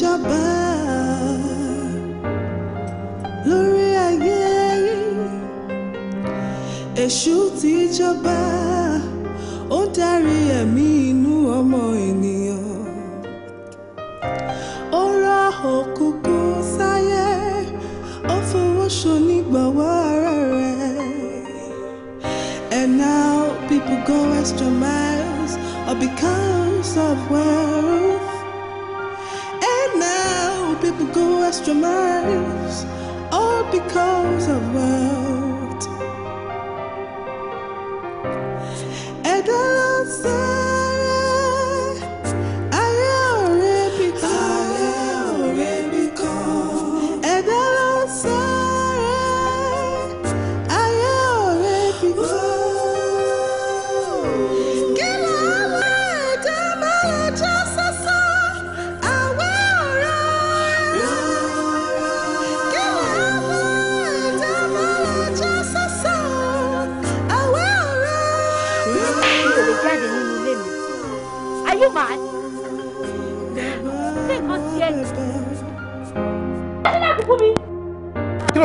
your because of what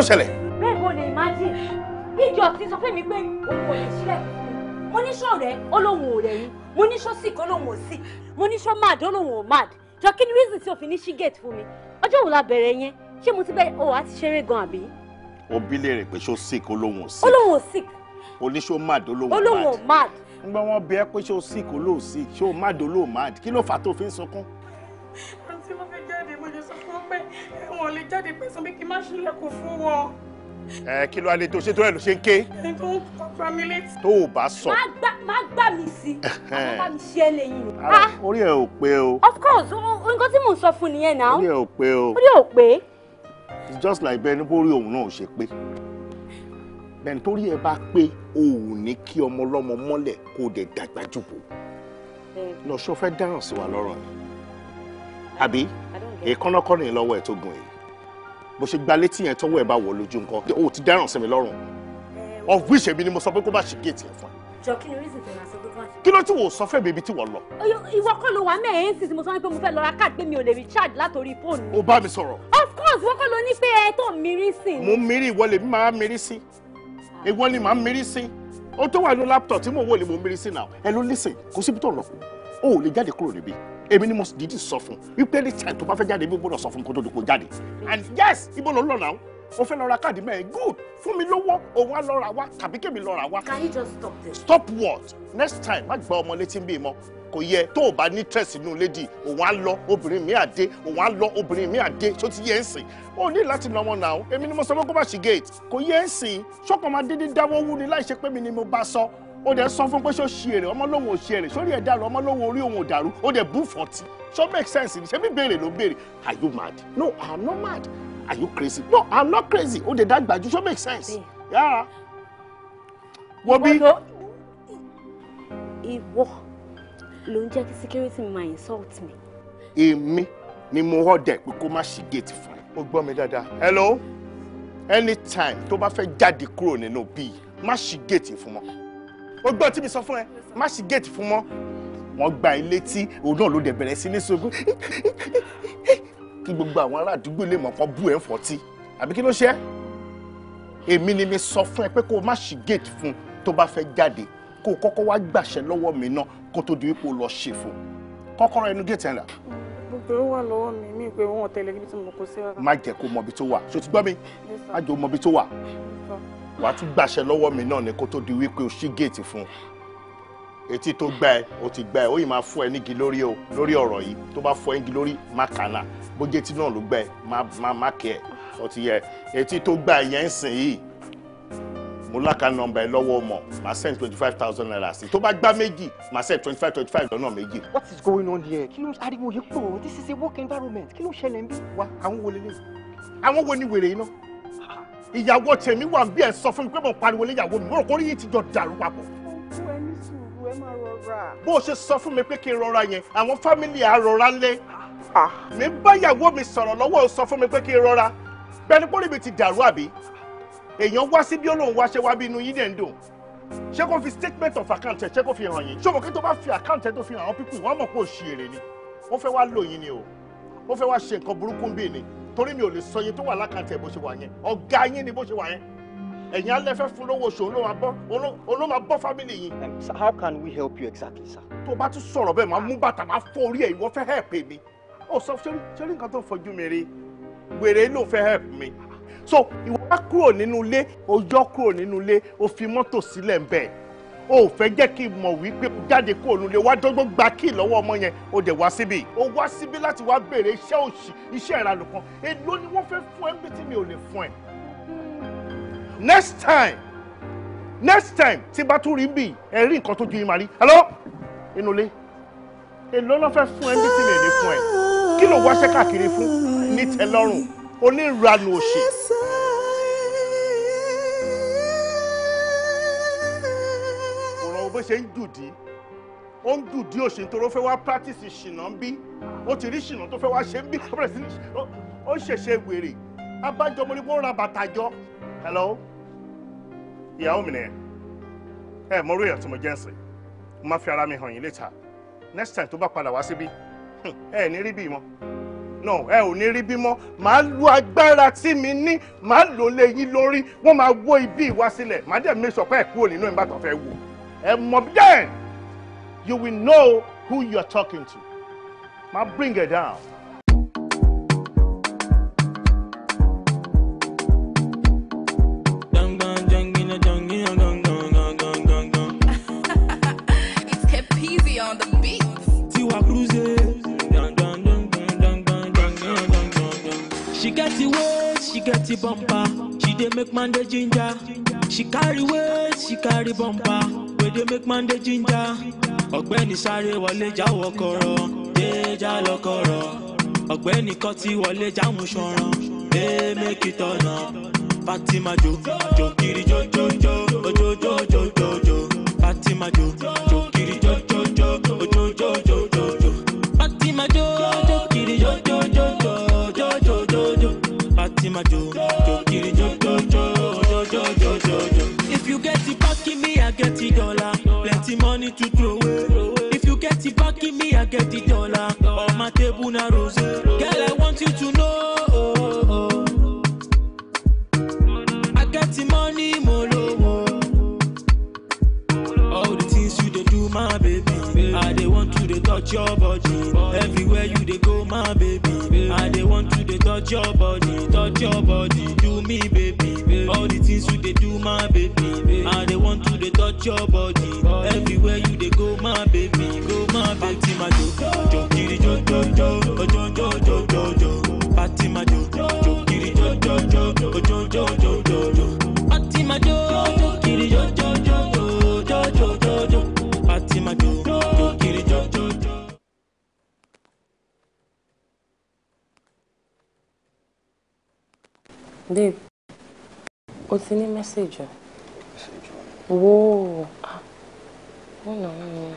ṣẹlẹ̀. bẹ́ẹ̀ mo lè má jì ìjọ ti sọ fún mi pé òun ò lè ṣílẹ̀ mo níṣọ́ rẹ̀ olóhùn ò rẹ̀ yín mo níṣọ́ sick olóhùn ò sick mo níṣọ́ mad olóhùn ò mad jọ kí ni reason tí o fi ní ṣígẹ̀tì fún mi ọjọ́ wo la bẹ̀rẹ̀ yẹn ṣé mo ti bẹ́ẹ̀ o àti ṣeré gan àbí. òbí lè rè pé ṣó sick olóhùn ò sick. olóhùn ò sick. oníṣó mad olóhùn ò mad. olóhùn ò mad. ń gbọ́ wọn bí ẹ pé ṣó sick olóhùn sick ṣó mad olóhùn mad kí ló fà tó fi ń sunkún. àǹtí mo fẹ́ wọn jáde pẹ̀sán bí kí n má ṣílẹ̀kùn fún wọn. ẹ kí ló alẹ́ tó ṣe tó ẹ ló ṣe ń ké. tó ń kọjá mi létí. tó o bá sọ. má gbà mí sí àwọn bá mi ṣe é lẹ́yìn. Ah! orí ẹ ò pé o. of course nǹkan tí mò ń sọ fún nìyẹn náà. orí ẹ ò pé o. orí ẹ ò pé. it's just like bẹ́ẹ̀ ni bórí òun náà ò ṣe pé bẹ́ẹ̀ nítorí ẹ bá pé o ò ní kí ọmọ ọlọ́mọ mọ́lẹ̀ kó dẹ̀ dàgbà jù bò hmm. lọ sọ fẹ́ dáràn sí wa lọ́rùn ni àbí èkánná kọ́ lọ́wọ́ ẹ̀ tó gùn yìí bó ṣe gba létí yẹn tọ́wọ́ ẹ̀ bá wọ̀ lójú nǹkan o ti dáràn sí mi lọ́rùn of which èmi ni mo sọ pé kó bá ṣe géètì ẹ̀ fún ẹ. jọ kí ni reason tẹ̀ máa sọ pé kó má ṣe. kí ló tí wò sọ fẹ́ bèbí tí wọ́n lọ. ìwọ kọ́ ló wà mẹ́ẹ̀ ẹ́ńsì mo sọ wípé mo fẹ́ lọ ra card pé mi ò lè recharge látòrí fóònù. o bá mi sọ̀rọ̀. of course wọ́n kọ́ ló ní pé ẹ tó mírí sí. mo mírí ìwọ lè mi máa mírí sí ìwọ ni màá mírí sí o tó wà ní laptop tí mo wò lè mo mírí sí now ẹ ló listen kò síbi tó lọ o ò lè jáde kúrò níbí èmi ni mo dìídì sọ fún wípé ní time tó bá fẹ́ jáde ibi gbọ́dọ̀ sọ fún kó tó di kó jáde and yes ibo ló ń lọ náà o fẹ́ lọ ra káàdì mẹ́rin good fún mi lówó òun á lọ ra wá tàbí kèmi lọ ra wá. can you just stop this. stop what next time má gba ọmọ létí bí mọ kò yẹ tó o bá ní tẹ̀sí inú lédi òun á lọ obìnrin mi àdé òun á lọ obìnrin mi àdé tó ti yẹ ń sìn ó ní láti nà ọmọ náà èmi ni mo sọ pé kó má gate kò yẹ ń sìn ṣọkàn máa dédé dáwọ́ wú ni láì ṣe pé mi ni mo bá sọ ó dẹ̀ sọ fún pé ṣó ṣe èrè ọmọ lòun ò ṣe èrè sórí ẹ̀ dàrú ọmọ lòun orí òun ò dàrú ó dẹ̀ bú fọ̀tí so make sense ṣé bí béèrè ló béèrè are you mad no i'm not mad are you crazy no i'm not crazy ó dẹ̀ dàgbà jù so make sense yàrá wo bí. ìwọ ló ń jẹ́ kí security máa insult me. èmi ni mo ọ̀dẹ̀ pé kó má ṣí géètì fún mi. ó gbọ́ mi dáadáa. hello anytime tó bá fẹ́ jáde kúrò nínú bíi má ṣí géètì fún wọn o gbọ́ tí mi sọ fún ẹ má ṣí géètì fún mọ́ wọ́n gba ilé tí òun náà ló dẹ̀ bẹ̀rẹ̀ sí ní sógún kí gbogbo àwọn ará àdúgbò lè mọ̀ kán bú ẹ̀ fọ́tí àbí kí ló ṣe é èmi ni mi sọ fún ẹ pé kó o má ṣí géètì fún tó bá fẹ́ jáde kó o kọ́kọ́ wá gbàṣẹ lọ́wọ́ mi náà kó tó di wípé o lọ ṣèfò kọ́kọ́rọ́ inú géètì ẹ̀ rà pé ó wà lọ́wọ́ mi pé wọ́n tẹ̀lé ibi tí mo kó sí rárá. má jẹ́ kó mọ ibi tó wà ṣó mi má jẹ́ kó mọ ibi tó wà wà á tún gbàṣẹ lọ́wọ́ mi náà ni kó tó di wípé o ṣí géètì fún un etí tó gbà ẹ o ti gbà ẹ ó yìí máa fọ ẹ nígi lórí o lórí ọ̀rọ̀ yìí tó bá fọ ẹ lórí má kànà bójú etí náà ló gbà ẹ má má kẹ ẹ ó ti yẹ etí tó gbà ẹ yẹn ń sìn yìí mo láka nọ́mbà ẹ lọ́wọ́ mọ màá send twenty five thousand naira sí tó bá gbá méjì màá send twenty five twenty five lọ́nà méjì. what is going on here kí ló ń ariwo yìí pọ̀ this is a work environment kí ló ń ṣẹlẹ̀ ń bí wa àwọn wo lè lè àwọn wo ni wèrè yìí náà ìyàwó tèmi wà bí ẹ sọ fún mi pé mo pariwo lé ìyàwó mi mo rò kórìí yìí ti jọ dàrú papọ̀. ọkọ ẹni sùúrù ẹ máa rọra. bó o ṣe sọ fún mi pé kí n rọra yẹn àwọn fámìlì á rọra lé. Ah. mi bá ìyàwó mi sọ̀rọ̀ lọ́wọ́ o sọ fún mi pé kí n rọra bẹ́ẹ̀ni pọ́lì mi ti dàrú àbí èèyàn wá sí bí olóhùn wá ṣe wá bí inú yín dẹ̀ ń dùn ṣé kó fi statement of account ẹ ṣé kó fi hàn yín ṣé o mọ̀ kí tó bá fi account ẹ tó fi hàn àwọn pípì wọ́n mọ̀ pé òṣèré ni wọ́n fẹ́ wá lò yín ni o wọ́n fẹ́ wá ṣe nǹkan burúkú ń bì ni torí mi ò lè sọ iye tó wà lákàntì ẹ̀ bó ṣe wà yẹn ọ̀gá yín ni bó ṣe wà yẹn ẹ̀yin alẹ́fẹ́ fún lówó oṣù olóma bọ́ fámìlì yín. how can we help you exactly sir. tó o bá tún sọ̀rọ̀ bẹ́ẹ̀ máa mú bàtà máa fọ́ orí ẹ̀ ìwọ fẹ́ help mi ó sọ ṣẹ́rí nǹkan tó ń fojú mi rí wèrè ló fẹ́ help mi so ìwọ bá kúrò nínú ilé o yọ kúrò nínú ilé o fi mọ́tò sílẹ̀ ń bẹ́ẹ̀ o ò fẹ́ jẹ́ kí n mọ̀ wípé jáde kó òun lè wá dọ́gbọ́n gba kí lọ́wọ́ ọmọ yẹn o dẹ̀ wá síbí o wá síbí láti wá béèrè iṣẹ́ òṣì iṣẹ́ ìranù kan èló ni wọ́n fẹ́ fún ẹ níbi tí mi ò lè fún ẹ. next time next time tí bá tún rí bí ẹ rí nǹkan tó ju yín máa rí hello inú ilé èló ló fẹ́ fún ẹ níbi tí mi ò lè fún ẹ kí ló wáṣẹ́ káàkiri fún nítẹ́lọ́rùn onírànù òṣì. ṣe ń dùdí ó ń dùdí òṣì nítorí ó fẹ́ wá practice ṣìnà ń bí ó ti rí ṣìnà tó fẹ́ wá ṣe ń bí ó bẹ̀rẹ̀ sí ó ṣẹ̀ṣẹ̀ wèrè abájọ mo ní kó ra bàtà jọ hello ìyàwó mi nìyẹn ẹ mo rí ìyàtọ̀ mo jẹ́ ẹ̀sìn mo máa fi ara mi hàn yín later next time tó bá padà wá síbí ẹ ní rí bí mọ́ no ẹ ò ní rí bí mọ́ màá lo agbára tí mi ní màá lò lé yín lórí wọ́n máa wó ibi ìwá màá dẹ̀ mi sọ pé ẹ̀ kúrò ìbátan fẹ́ wò ẹ mọ̀ then you will know who you are talking to ma bring it down. get the bumper. She dey make man dey ginger. She carry weight, she carry bumper dey make man dey ginger ọ̀gbẹ́ni sáré wọlé jáwọ́ kọ̀rọ̀ déjà lọ́kọ̀rọ̀ ọ̀gbẹ́ni kọ́ ti wọlé jáwọn ṣọ̀ràn ẹ méjì tọ̀nà fatima jo jo kiri jo jo jo ojojo jo jo jo fatima jo jo kiri jo jo jo ojojo jo. the money to throw away. If you get it back, give me, I get the dollar. On my table, na rose. Girl, I want you to know. I get the money, molo. All the things you do, my baby. I dey want to dey touch your body. Everywhere you they go, my baby. I they want to they touch your body, touch your body, do me, baby. All the things you they do, my baby. I they want to they touch your body. mẹ́sẹ̀jì. mẹ́sẹ̀jì wọn. wo ọ̀nà wọn ni.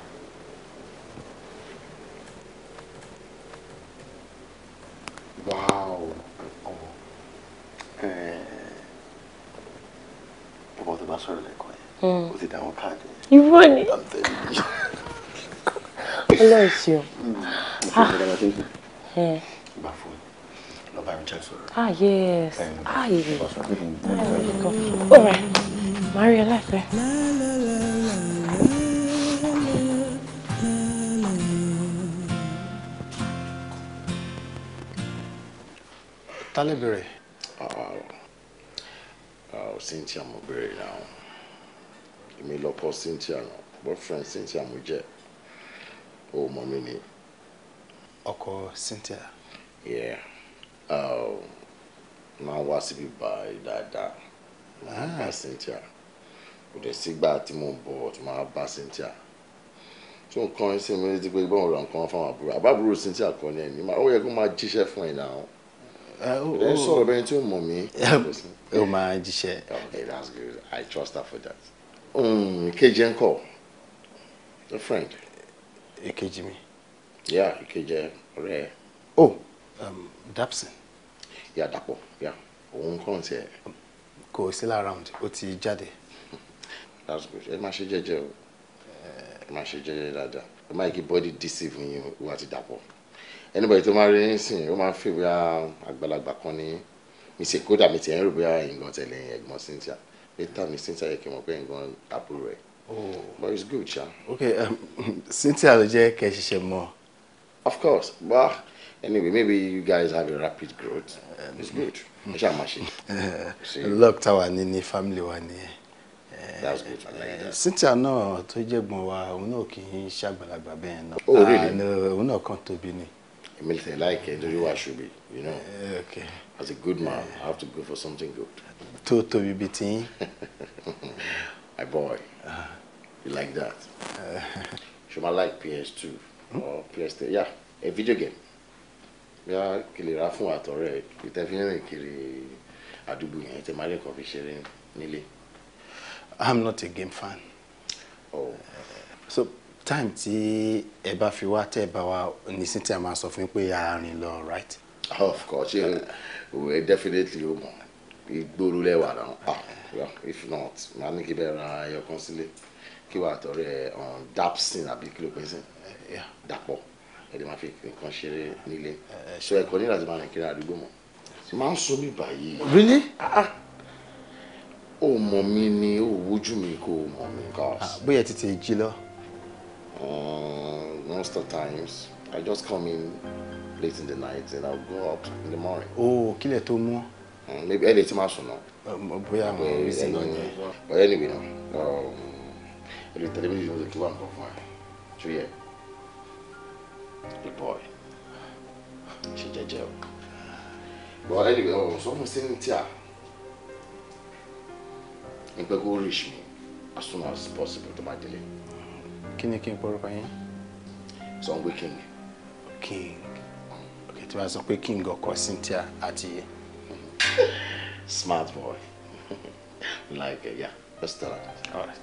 wow ọmọ bọ́bọ́ tó bá sọ̀rọ̀ lẹ́kọ̀ọ́ yẹn ó ti dá wọn káàdì. ìwọ ni ọlọ́ọ̀ṣẹ́ o. ìgbà bá ah yes ah yes. ọ̀rẹ́ màá rí ẹ Talibere. Oh, eh? ah, ah, oh, Cynthia mo bere now. Èmi lọ for Cynthia náà. Boyfriend Cynthia mo jẹ́. O mọ̀ mi ni. Cynthia. Yeah. Uh, máa ń wá síbí báyìí dáadáa máa ah. ń bá Cynthia kò dẹ̀ sígbà tí mo ń bọ̀ tí máa bá Cynthia tó nǹkan ẹ̀ sì ń méjì pé bọ́ọ̀ ra nǹkan fáwọn àbúrò àbábúrò Cynthia kan ní ẹ̀mí ó yẹ kó máa jíṣẹ́ fún ẹ̀ náà ah, oh, ẹ oh. sọ̀rọ̀ bẹ́ẹ̀ tí ó mọ̀ mí. ó máa jíṣẹ́. okay that's good I trust her for that. Hmm, kejì ẹ̀ ń kọ́ a friend. èkejì mi. yeah èkejì ọ̀rẹ́. oh um, Dapsin yà dàpọ̀ yà òun kàn tiẹ̀. kò still around ó ti jáde. that's good ẹ máa ṣe jẹ́jẹ́ o ẹ máa ṣe jẹ́jẹ́ dáadáa ẹ máa kí body deceive yín o àti dàpọ̀ anybody tó máa rí yín sìn ó máa fi bóyá àgbàlagbà kan ní mi ṣe kódà mi ti ẹ̀ ń rò bóyá ìgbọ̀n tẹ̀lé ẹ̀gbọ́n Cynthia later mi Cynthia yẹ kí n mọ̀ pé ìgbọ̀n àbúrò rẹ̀ Oh. But it's good, sha. Okay, um, Cynthia ló jẹ́ kẹ́ ṣiṣẹ́ mọ́. Of course, but anyway maybe you guys have a rapid growth um, it's good hmm. ẹ ṣáà máa ṣe. luck táwa family one. nìyẹn. that's good i like that. Eh, cynthia náà tó know gbọ́n wa òun náà kì í ṣàgbàlagbà bẹ́ẹ̀ náà. oh really ah, òun náà kàn tóbi ni. èmi tẹ̀ láìkẹ́ nítorí wàá ṣubí you know uh, okay. as a good man eh. i have to go for something good. To to be beating. my boy ah. you like that. Uh, ṣe like PS2 hmm? or PS3 yeah a video game bí a kìlè fún àtọ̀rẹ́ ìtẹ́fínrìn kiri àdúgbò yẹn tẹ máa rí fi ṣeré nílé. i'm not a game fan. Oh. so time tí ẹ bá fi wá tẹ́ ẹ bá wa nísìn tí a máa sọ fún pé a lọ right. of course ṣe o definitely o mọ ìgboro lẹwà náà ah, if not màá ní kí bẹ́ẹ̀ ra ẹyọ kan sílé kí wàá tọrẹ ọ̀n um, dapsin àbí kí ló pẹ́ sí dapọ̀ ẹ lè máa fi nǹkan ṣeré nílé ṣe ẹ̀kọ́ nílà tí máa rìn kiri àdúgbò mọ́ máa ń sọ mí báyìí. really. Ah, ah. ó mọ̀ mí ni ó wojú mi kó o mọ̀ ah, bóyá tètè jí lọ. Uh, most of times I just come in late in the night and I go out in the morning. o kílẹ̀ tó mú. Hmm, maybe ẹ lè ti máa sùn náà. bóyá mo rí sí náà yẹn. but anyway na ẹ̀rọ um, tẹlifíṣàn ló ti wà nǹkan fún ẹ ṣó yẹ. Good boy. Ṣe jẹ́jẹ́ o. But anyway, ọ̀rọ̀ sọ fún Cynthia. Ní pé kó reach me as soon as possible To my delay. Kí ni kí n porúkọ yín? Sọ ń pé King. Okay, Ok, tí wàá sọ pé King ọkọ Cynthia At iye. Smart boy. like, uh, yeah, let's tell her All right.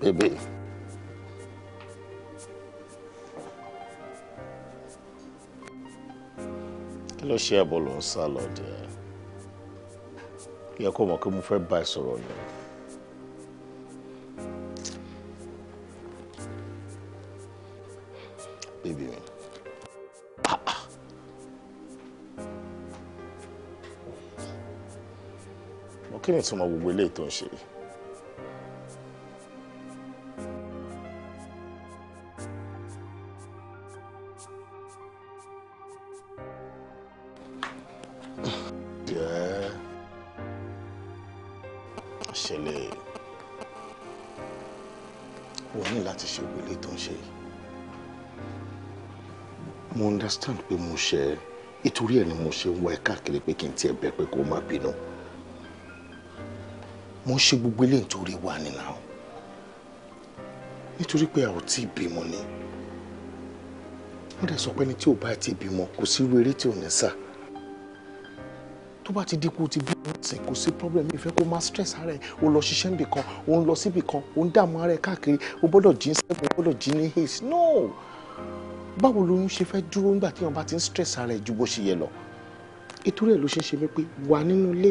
baby. kí ló ṣe ẹ̀bùn ló ń sá lọ dé ẹ yẹ kó mọ̀ kí mo fẹ́ bá ẹ sọ̀rọ̀ ni. bébì mi mo kí ni ìtumọ̀ gbogbo eléyìí tó ń ṣe yìí. ṣe ìtorí ẹ̀ ni mo ṣe ń wá ẹ káàkiri pé kí n tiẹ̀ bẹ̀ pé kó má bínú mo ń ṣe gbogbo ilé nítorí wa nínà o nítorí pé a ò tí ì bímọ ni wọ́n dẹ̀ sọ pé ẹni tí ò bá ti bímọ kò sí irú eré tí ò ní sá tó bá ti dípò ti bí wọ́n sìn kò sí problem ìfẹ́ kó máa stress ara ẹ̀ o lọ ṣiṣẹ́ níbì kan o ń lọ síbì kan o ń dààmú ara ẹ̀ káàkiri o gbọ́dọ̀ jí ń sẹ́gun o gbọ́dọ̀ jí ní haste no báwo ló ń ṣe fẹ́ dúró nígbà tí wọn bá ti ń stress ara ẹ̀ ju bó ṣe yẹ lọ ètò rẹ̀ ló ṣe ń ṣe mí pé wà nínú ilé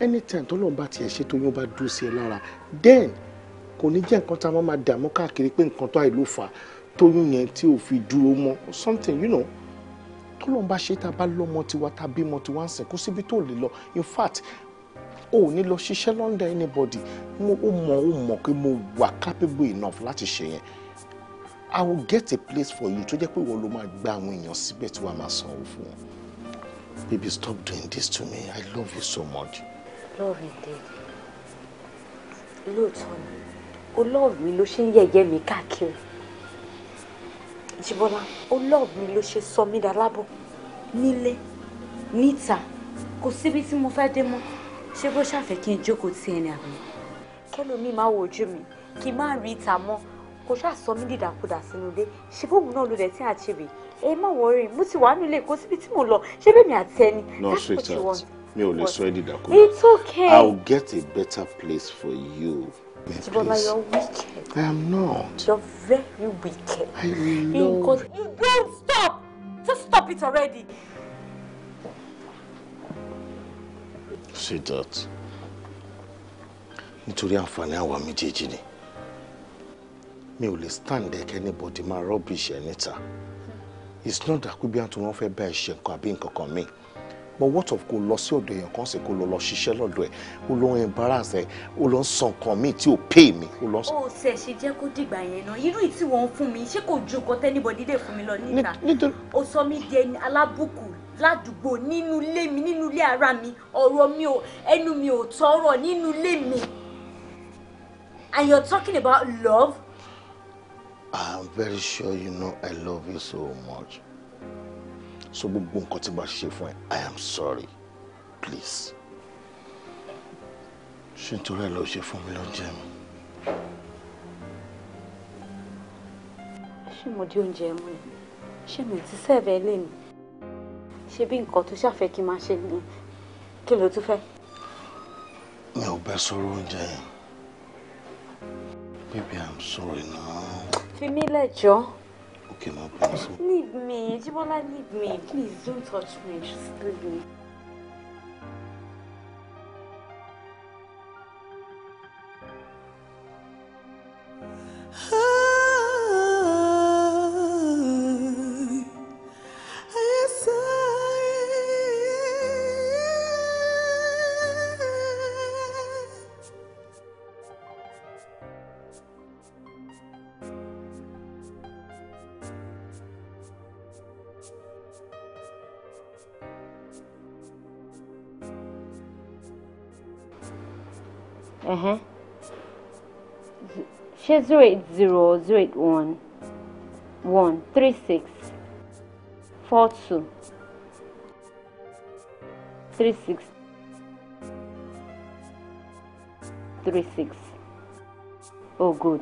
anytime tó lọ́n bá tiẹ̀ ṣe tó yún bá dúró sí ẹ lára then kò ní jẹ́ nǹkan tá a máa máa dààmú káàkiri pé nǹkan tó àìló fà tó yún yẹn tí ò fi dúró mọ́ something you know tó lọ́n bá ṣe tá a bá lọ́mọ tiwa tá a bímọ tiwa ń sìn kó síbi tó lè lọ in fact o ò ní lọ ṣiṣẹ́ lọ́ndà anybody mo mọ̀ ò mọ̀ pé mo wà capable enough láti ṣe yẹn I will get a place for you tó jẹ́ pé ìwọ ló máa gba àwọn èèyàn síbẹ̀ tí wàá máa sanwó fún wọn. Baby, stop doing this to me. I love you so much. Love indeed. Lóòótọ́ ni, o love mi ló ṣe ń yẹ̀yẹ́ mi káàkiri. Jibola. o love mi ló ṣe sọ mí dalábọ̀ nílé níta kò síbi tí mo fẹ́ dé mọ́ ṣé bó ṣàfẹ́ kí n jókòó tí ẹni àbí. kẹ́lòmíì máa wojú mi kí n má rí ìta mọ́ kò ṣáà sọ mí dìdàkudà sínú ilé ṣe fóònù náà ló dẹ̀ tí a ṣe bì ẹ má wọrí mo ti wà nílé kó síbi tí mo lọ ṣé bẹ́ẹ̀ mi àti ẹni that's what you want. mi ò lè sọ ẹ dìdàkudà it's okay I'll get a better place for you. Jibola, you're wicked. I am not. You're very wicked. I know. Because you don't stop. Just stop it already. Sweetheart, nítorí àǹfààní àwa méjèèjì ni mi ò lè stand ẹ̀ kẹ́ni bọ́dì máa rubbish ẹ̀ níta it's not that kúbíà tí wọ́n fẹ́ bá ẹ ṣe nǹkan àbí nǹkan kan míì but what of kò lọ sí ọ̀dọ̀ èèyàn kan sí kò lọ lọ ṣiṣẹ́ lọ́dọ̀ ẹ̀ ó lọ ń embarrass ẹ̀ ó lọ ń san nǹkan míì tí ò pè mí. ó ṣe ṣe jẹ́ kó dìgbà yẹn náà irú ìtí wọ́n ń fún mi ṣé kò ju nǹkan tẹ́nibọ̀dì dé fún mi lọ níta ó sọ mí di ẹni alábùkù ládùúgbò nínú ilé mi nínú ilé ara mi ọ̀rọ̀ mi ò ẹnu mi ò tọrọ nínú ilé mi and you're talking about love am very sure you know I love you so much. So gbogbo nǹkan tí mo ṣe fún ẹ, I am sorry. Please. Ṣé nítorí ẹ lọ ṣe fún mi lóúnjẹ mi? Ṣé mo di oúnjẹ mú ni? Ṣé mi ò ti sẹ́ẹ̀bẹ̀ ilé mi? Ṣé bí nǹkan tó ṣàfẹ́ kí n máa ṣe ni? Kí ló tún fẹ́? Mi ò bẹ́ sọ̀rọ̀ oúnjẹ yẹn. Baby, I'm sorry now. Fi mí lẹ́jọ́. Okay, my promise. Leave me, Jibola, leave me. Please don't touch me, just leave me. Ah. zero eight zero zero eight one one three six four two three six three six oh good.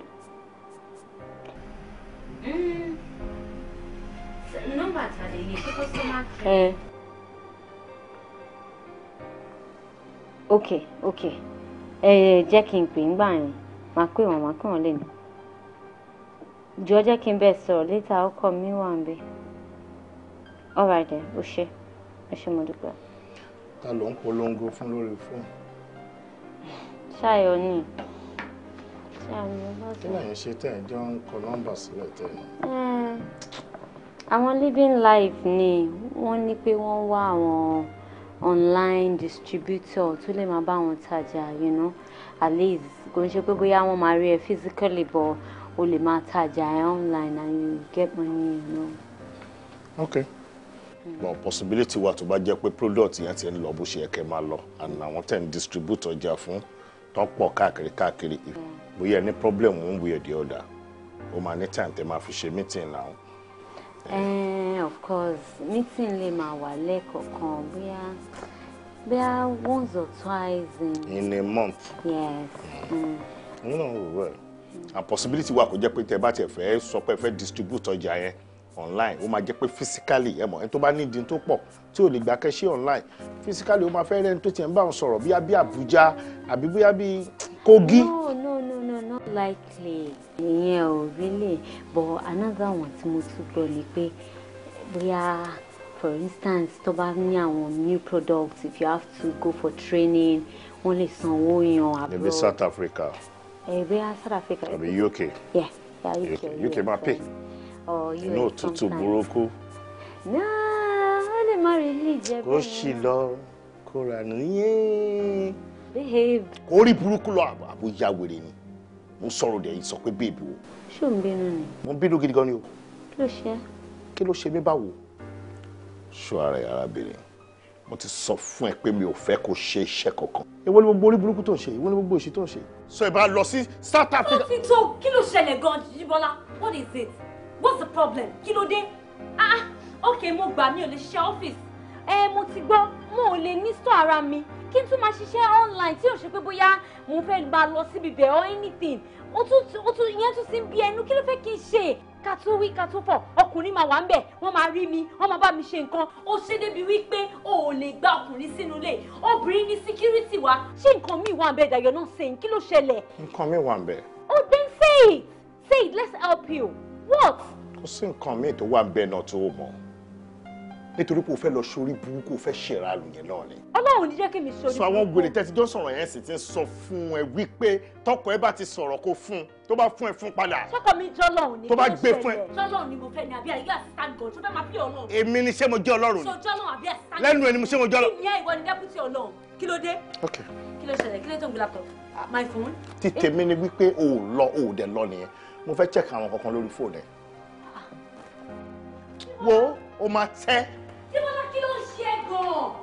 nọ́mbà tàdé yìí kókó sí máa kí. ok ok ẹ jẹ́ kí màá pè wọ́n màá pè wọ́n lẹ́nu jọ jẹ́ kí n bẹ́ẹ̀ sọ̀rọ̀ létà ọkọ mi wà ń bẹ̀ all right then ó ṣe ẹ ṣe mo dúpẹ́. ta ló ń polongo fún lórí fóònù. ṣáyọ ni kí lẹ́yìn ṣe tẹ̀ jọ ń kọ nọ́mbà sílẹ̀ tẹ̀. Hmm, àwọn living life ni wọ́n ní pé wọ́n wá àwọn online distributor tó lè máa bá wọn tajà you know at least kò ń ṣe pé bóyá wọ́n máa rí ẹ physically but o lè máa tajà ẹ online and you get money you know. okay but possibility wà tó bá jẹ́ pé product yẹn ti ń lọ bó ṣe yẹ kẹ́ máa lọ and àwọn tẹ̀ ń distribute ọjà fún tọ́pọ̀ káàkiri káàkiri bóyá ní problem one way or the other o máa ní time tẹ́ máa fi ṣe meeting now. Eh, of course meeting lè máa wà lẹ́ẹ̀kọ̀ọ̀kan bóyá. There are once or twice in... in a month. Yes. Mm. Mm. You know A possibility wà kó jẹ́ pé tẹ́ bá tẹ́ fẹ́ so pé fẹ́ distribute ọjà yẹn online ó máa jẹ́ pé physically ẹ mọ̀ ẹni tó bá nídìí tó pọ̀ tí ò lè gbà kẹ́ṣẹ́ online physically ó máa fẹ́ rẹ́ni tó tiẹ̀ ń bá wọn sọ̀rọ̀ bíyá bí Àbújá àbí bóyá bí Kogi. No no no no not likely. Ìyẹn ò rí but another one tí mo tún gbọ́ ni pé bóyá for instance tó bá ní àwọn new products if you have to go for training wọ́n lè sanwó yan abroad. maybe South Africa. maybe eh, South Africa. àbí UK. yeah yeah UK. UK, UK ma pay. or US sometimes. inú òtútù burúkú. náà ó lè má rí ilé ìjẹ́ bẹ́ẹ̀. ó ṣì lọ kóra nìyẹn. babe. orí burúkú lọ àbúyá wèrè ni mo sọ̀rọ̀ dẹ̀ sọ pé babe o. ṣé o ń bínú ni. mo ń bínú gidi gan ni o. kí ló ṣe kí ló ṣe mí báwo ṣọ́ ara ẹ̀ arábìnrin mo ti sọ fún ẹ pé mi ò fẹ́ kó ṣe iṣẹ́ kankan. èwo ni gbogbo orí burúkú tó ń ṣe èwo ni gbogbo òṣì tó ń ṣe. sọ ìbá lọ sí South Africa. wọ́n ti tó kí ló ṣẹlẹ̀ gan-an Jíbọ́lá what is it what's the problem kí ló dé ah, ah ok mo gbà mi ò lè ṣiṣẹ́ ọ́fíìsì ẹ mo ti gbọ́ mo ò lè ní sọ ara mi kí n tún máa ṣiṣẹ́ online tí ò ṣe pé bóyá mo fẹ́ máa lọ síbi bẹ̀ or anything ó tún ìyẹn tún ti ń bí ẹnu kí ló fẹ́ kí n ṣe ká tún wí ká tún fọ̀ ọkùnrin máa wà ń bẹ̀ wọ́n máa rí mi wọ́n máa bá mi ṣe nǹkan ó ṣe débi wípé o ò lè gba ọkùnrin sínú ilé obìnrin ní síkírítì wa ṣé nǹkan mi wà ń bẹ̀ dayọ̀ náà sẹ́yìn kí ló ṣẹlẹ̀. nǹkan mi wà ń bẹ̀. oh then say it say it let's help you what. kò sí nǹkan mi tó wà ń bẹ̀ náà tó o mọ̀ nítorí pé o fẹ́ lọ sórí burúkú o fẹ́ ṣèrà lù yẹn lọ́ọ̀lẹ́. ọlọ́run ní jẹ́ kí mi sọ ní. sọ àwọn wèrè tẹ́tí jọ sọ̀rọ̀ yẹn sì ti sọ fún ẹ wípé tọkọ ẹ bá ti sọ̀rọ̀ kó fún un tó bá fún ẹ fún padà. sọkọ mi jọlọ́run ni. tó bá gbé fún ẹ. jọlọ́run ni mo fẹ́ ni àbí àyíká stand god tó fẹ́ máa fi ọlọ́run. èmi ni ṣé mo jẹ́ ọlọ́run ni. so àbí ẹ stand god. lẹ́nu ẹni mo ṣé mo jẹ́ ọlọ́run. ìyá ìwọ ni deputy ọlọ́run kí ló dé. ok kí ló ṣẹlẹ̀ kí ló tó ń gbé laptop ah, my phone. ti eh? tèmi ni wípé o ò lọ o ò dẹ̀ lọ nìyẹn mo fẹ́ check àwọn kankan lórí fóònù ẹ. Ah. wo o máa tẹ́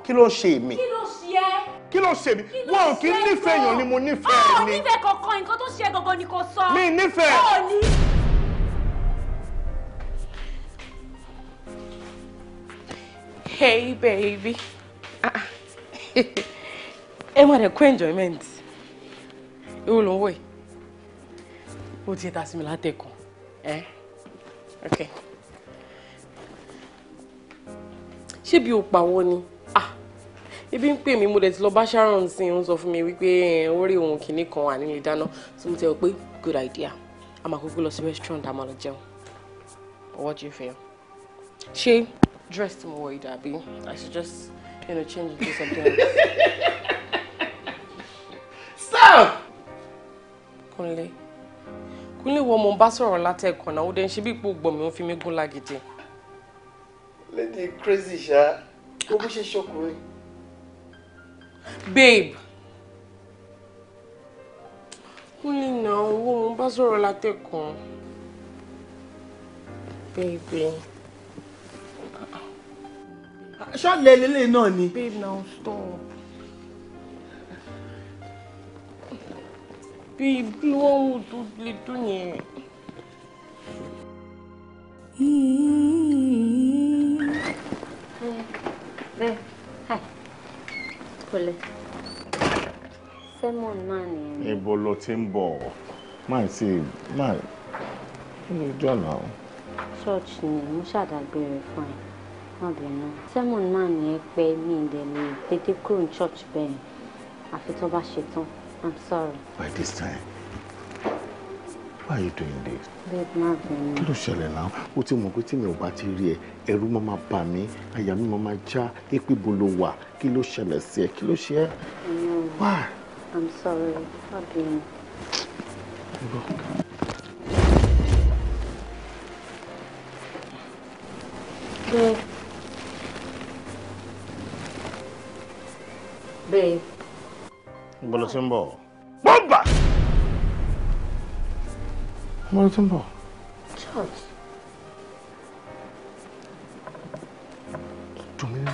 kí ló ń ṣe mí. kí ló ṣe ẹ́. kí ló ṣe mí wọn ò kí nífẹ̀ẹ́ èèyàn ni mo nífẹ̀ẹ́ ni. ọ̀ nífẹ̀ẹ́ kankan nǹkan tó ṣe gangan ni kò sọ. mi nífẹ̀ẹ́. ọ̀ ní. hey baby ah, ah. ẹ má dẹ̀ kó enjoyment ewu ló ń wò yìí ó ti ta sí látẹ̀kùn ẹ eh? ok. ṣé bí o pàwọ́ ni ibi ah, ń pè mí mo dẹ̀ ti lọ bá Sharon sí ń sọ fún mi wípé orí òun kìíní kan wà nílé dáná tí mo tẹ́ ọ pé good idea a máa kókó lọ sí restaurant a máa lọ jẹun ọwọ́ jù fẹ́ ṣé dress mo wọ ìdàbí I should just you know, change into something else. stop. Kúnlé Kúnlé wọ́n mo ń bá sọ̀rọ̀ látẹ̀kọ̀ náà ó dẹ̀ ń ṣe bí ipò gbọ̀n mi fi mí gún lágídí lady crazy ṣá kó bó ṣe ṣọkùnrin. babe kúnlẹ̀ náà owó mo bá sọ̀rọ̀ látẹ̀kàn babe. ṣọ́ọ̀lẹ̀ lélẹ̀ náà ni. babe now stop. babe kí ló wọ́n wò tó lè tó yẹn. Mm-hmm. Bẹ́ẹ̀ hi kò lẹ̀ sẹ́mọ̀n náà nìyẹn. Ibo ló ti ń bọ̀ máa ti máa kí ló jọ náà. Church ni mo ṣàdágbére fún ẹ má bínú sẹ́mọ̀n náà nìyẹn pé mi ìdẹ̀ lè dédé kúrò ní church bẹ́ẹ̀ àfi tó bá ṣe tán I'm sorry. By this time why are you doing this. babe má bínú. kí ló ṣẹlẹ̀ náà o ti mọ̀ pé tí mi ò bá ti rí ẹ ẹ̀rù máa bà mí àyà mi máa ma já ipò ibo lo wà kí ló ṣẹlẹ̀ sí ẹ kí ló ṣe ẹ. why. i'm sorry má bínú. Babe. Babe. mo ló tún bọ̀. Charles. Dominic.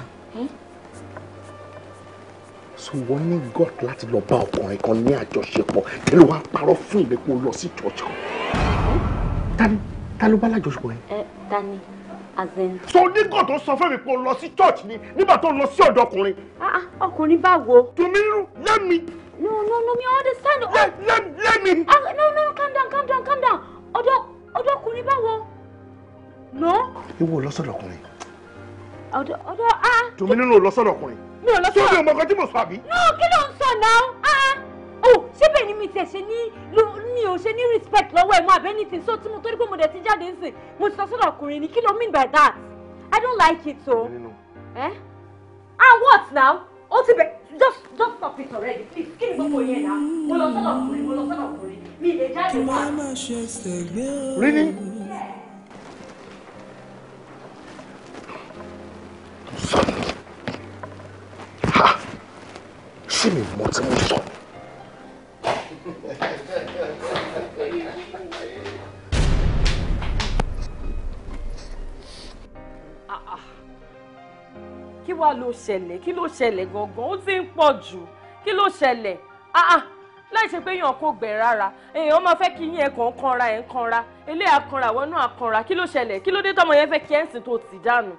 So wọ́n ní God láti lọ bá ọkùnrin kan ní àjọṣepọ̀ tí ló wá ń parọ́ fún ìlé kó lọ sí church kan. Tani ta ló bá lájọṣepọ̀ yẹn? Ẹ Tani So ní God tó sọ fún mi kó lọ sí church ni nígbà tó lọ sí ọ̀dọ̀ ọkùnrin. Ọkùnrin báwo? Dominic lẹ́mi. No, no, no, me understand. Let, let, let me. Uh, no, no, calm down, calm down, calm down. Odo, Ọ̀dọ̀ ọ̀dọ́kùnrin wo. No. You will lose ọkùnrin. Ọ̀dọ̀ Odo, Odo, ah. nínú lọ sọ́dọ̀ ọkùnrin. lose ò lọ No, lose ọmọ kan tí mo sọ àbí. No, get on ń now. Ah, ah, oh, she be ni mi tẹ̀ ni, ní mi ò ṣe ní respect lọ́wọ́ ẹ̀ mọ́ àbẹ́ ní tìǹsó tí mo torí pé mo dẹ̀ ti jáde ń sìn. Mo ti sọ sọ́dọ̀ ni kí ló mean by that? I don't like it So. Eh? And ah, what now? Ó ti just just stop it already please give me ni gbogbo yẹn náà mo lọ sọ́dọ̀ ọkùnrin mo lọ sọ́dọ̀ ọkùnrin mi lè jáde wá. really. ṣé mi mọ tí mo sọ ni. kí wàá ló ṣẹlẹ̀ kí ló ṣẹlẹ̀ gangan ó ti ń pọ̀ jù kí ló ṣẹlẹ̀ ah, ah. láì ṣe pé èèyàn kò gbẹ rárá èèyàn máa fẹ́ kí yín ẹ̀kọ́ kanra ẹ̀ ń kanra eléyà kanra àwọn náà kanra kí ló ṣẹlẹ̀ kí ló dé tọmọ yẹn fẹ́ kí ẹ̀sìn tó ti dànù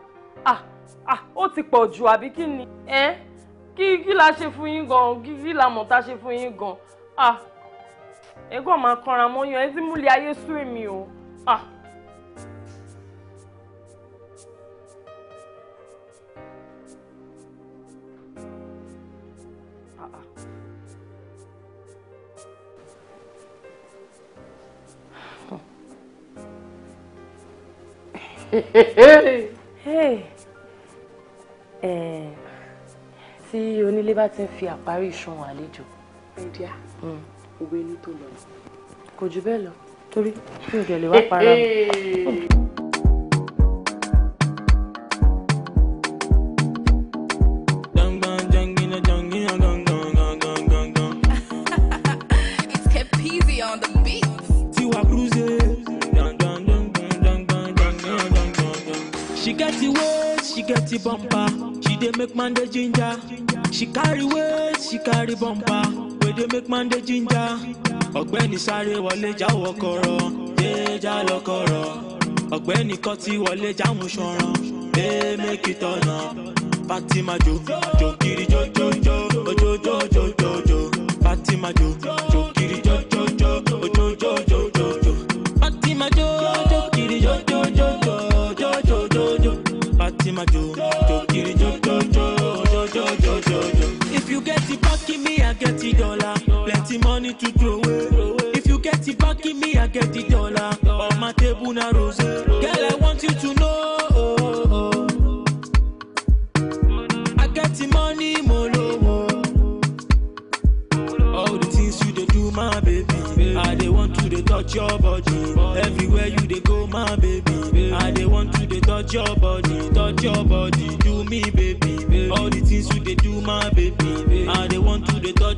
ah ah ó ti pọ̀ jù àbí kí ni ẹ kí kí la ṣe fún yín gan kí kí la mọ̀ tá ṣe fún yín gan ah ẹ̀gbọ́n máa kanra mọ́yàn ẹ ti múlẹ̀ ayé sú èmi o ah. Eh, tí onílé bá ti ń fi àparí ìṣan àlejò. ẹ̀díà hmm. òwe ní tó lọ. kò jù bẹ́ẹ̀ lọ torí mi ò dẹ̀ lè wá para mi. plenty bumper she dey make man dey ginger she carry weight she carry bumper We dey make man dey ginger ọ̀gbẹ́ni sáré wọlé jáwọ kọrọ jẹjà lọkọrọ ọ̀gbẹ́ni kọtí wọlé jáwọn sọràn ee méjì tọnà fatima jo jo kiri jo jo jo jo fatima jo jo. money to throw away. If you get it back, give me, I get the dollar. On my table, na rose. Girl, I want you to know. I get the money, mo All the things you do, my baby. I dey want to dey touch your body. Everywhere you they go, my baby. I they want to they touch your body.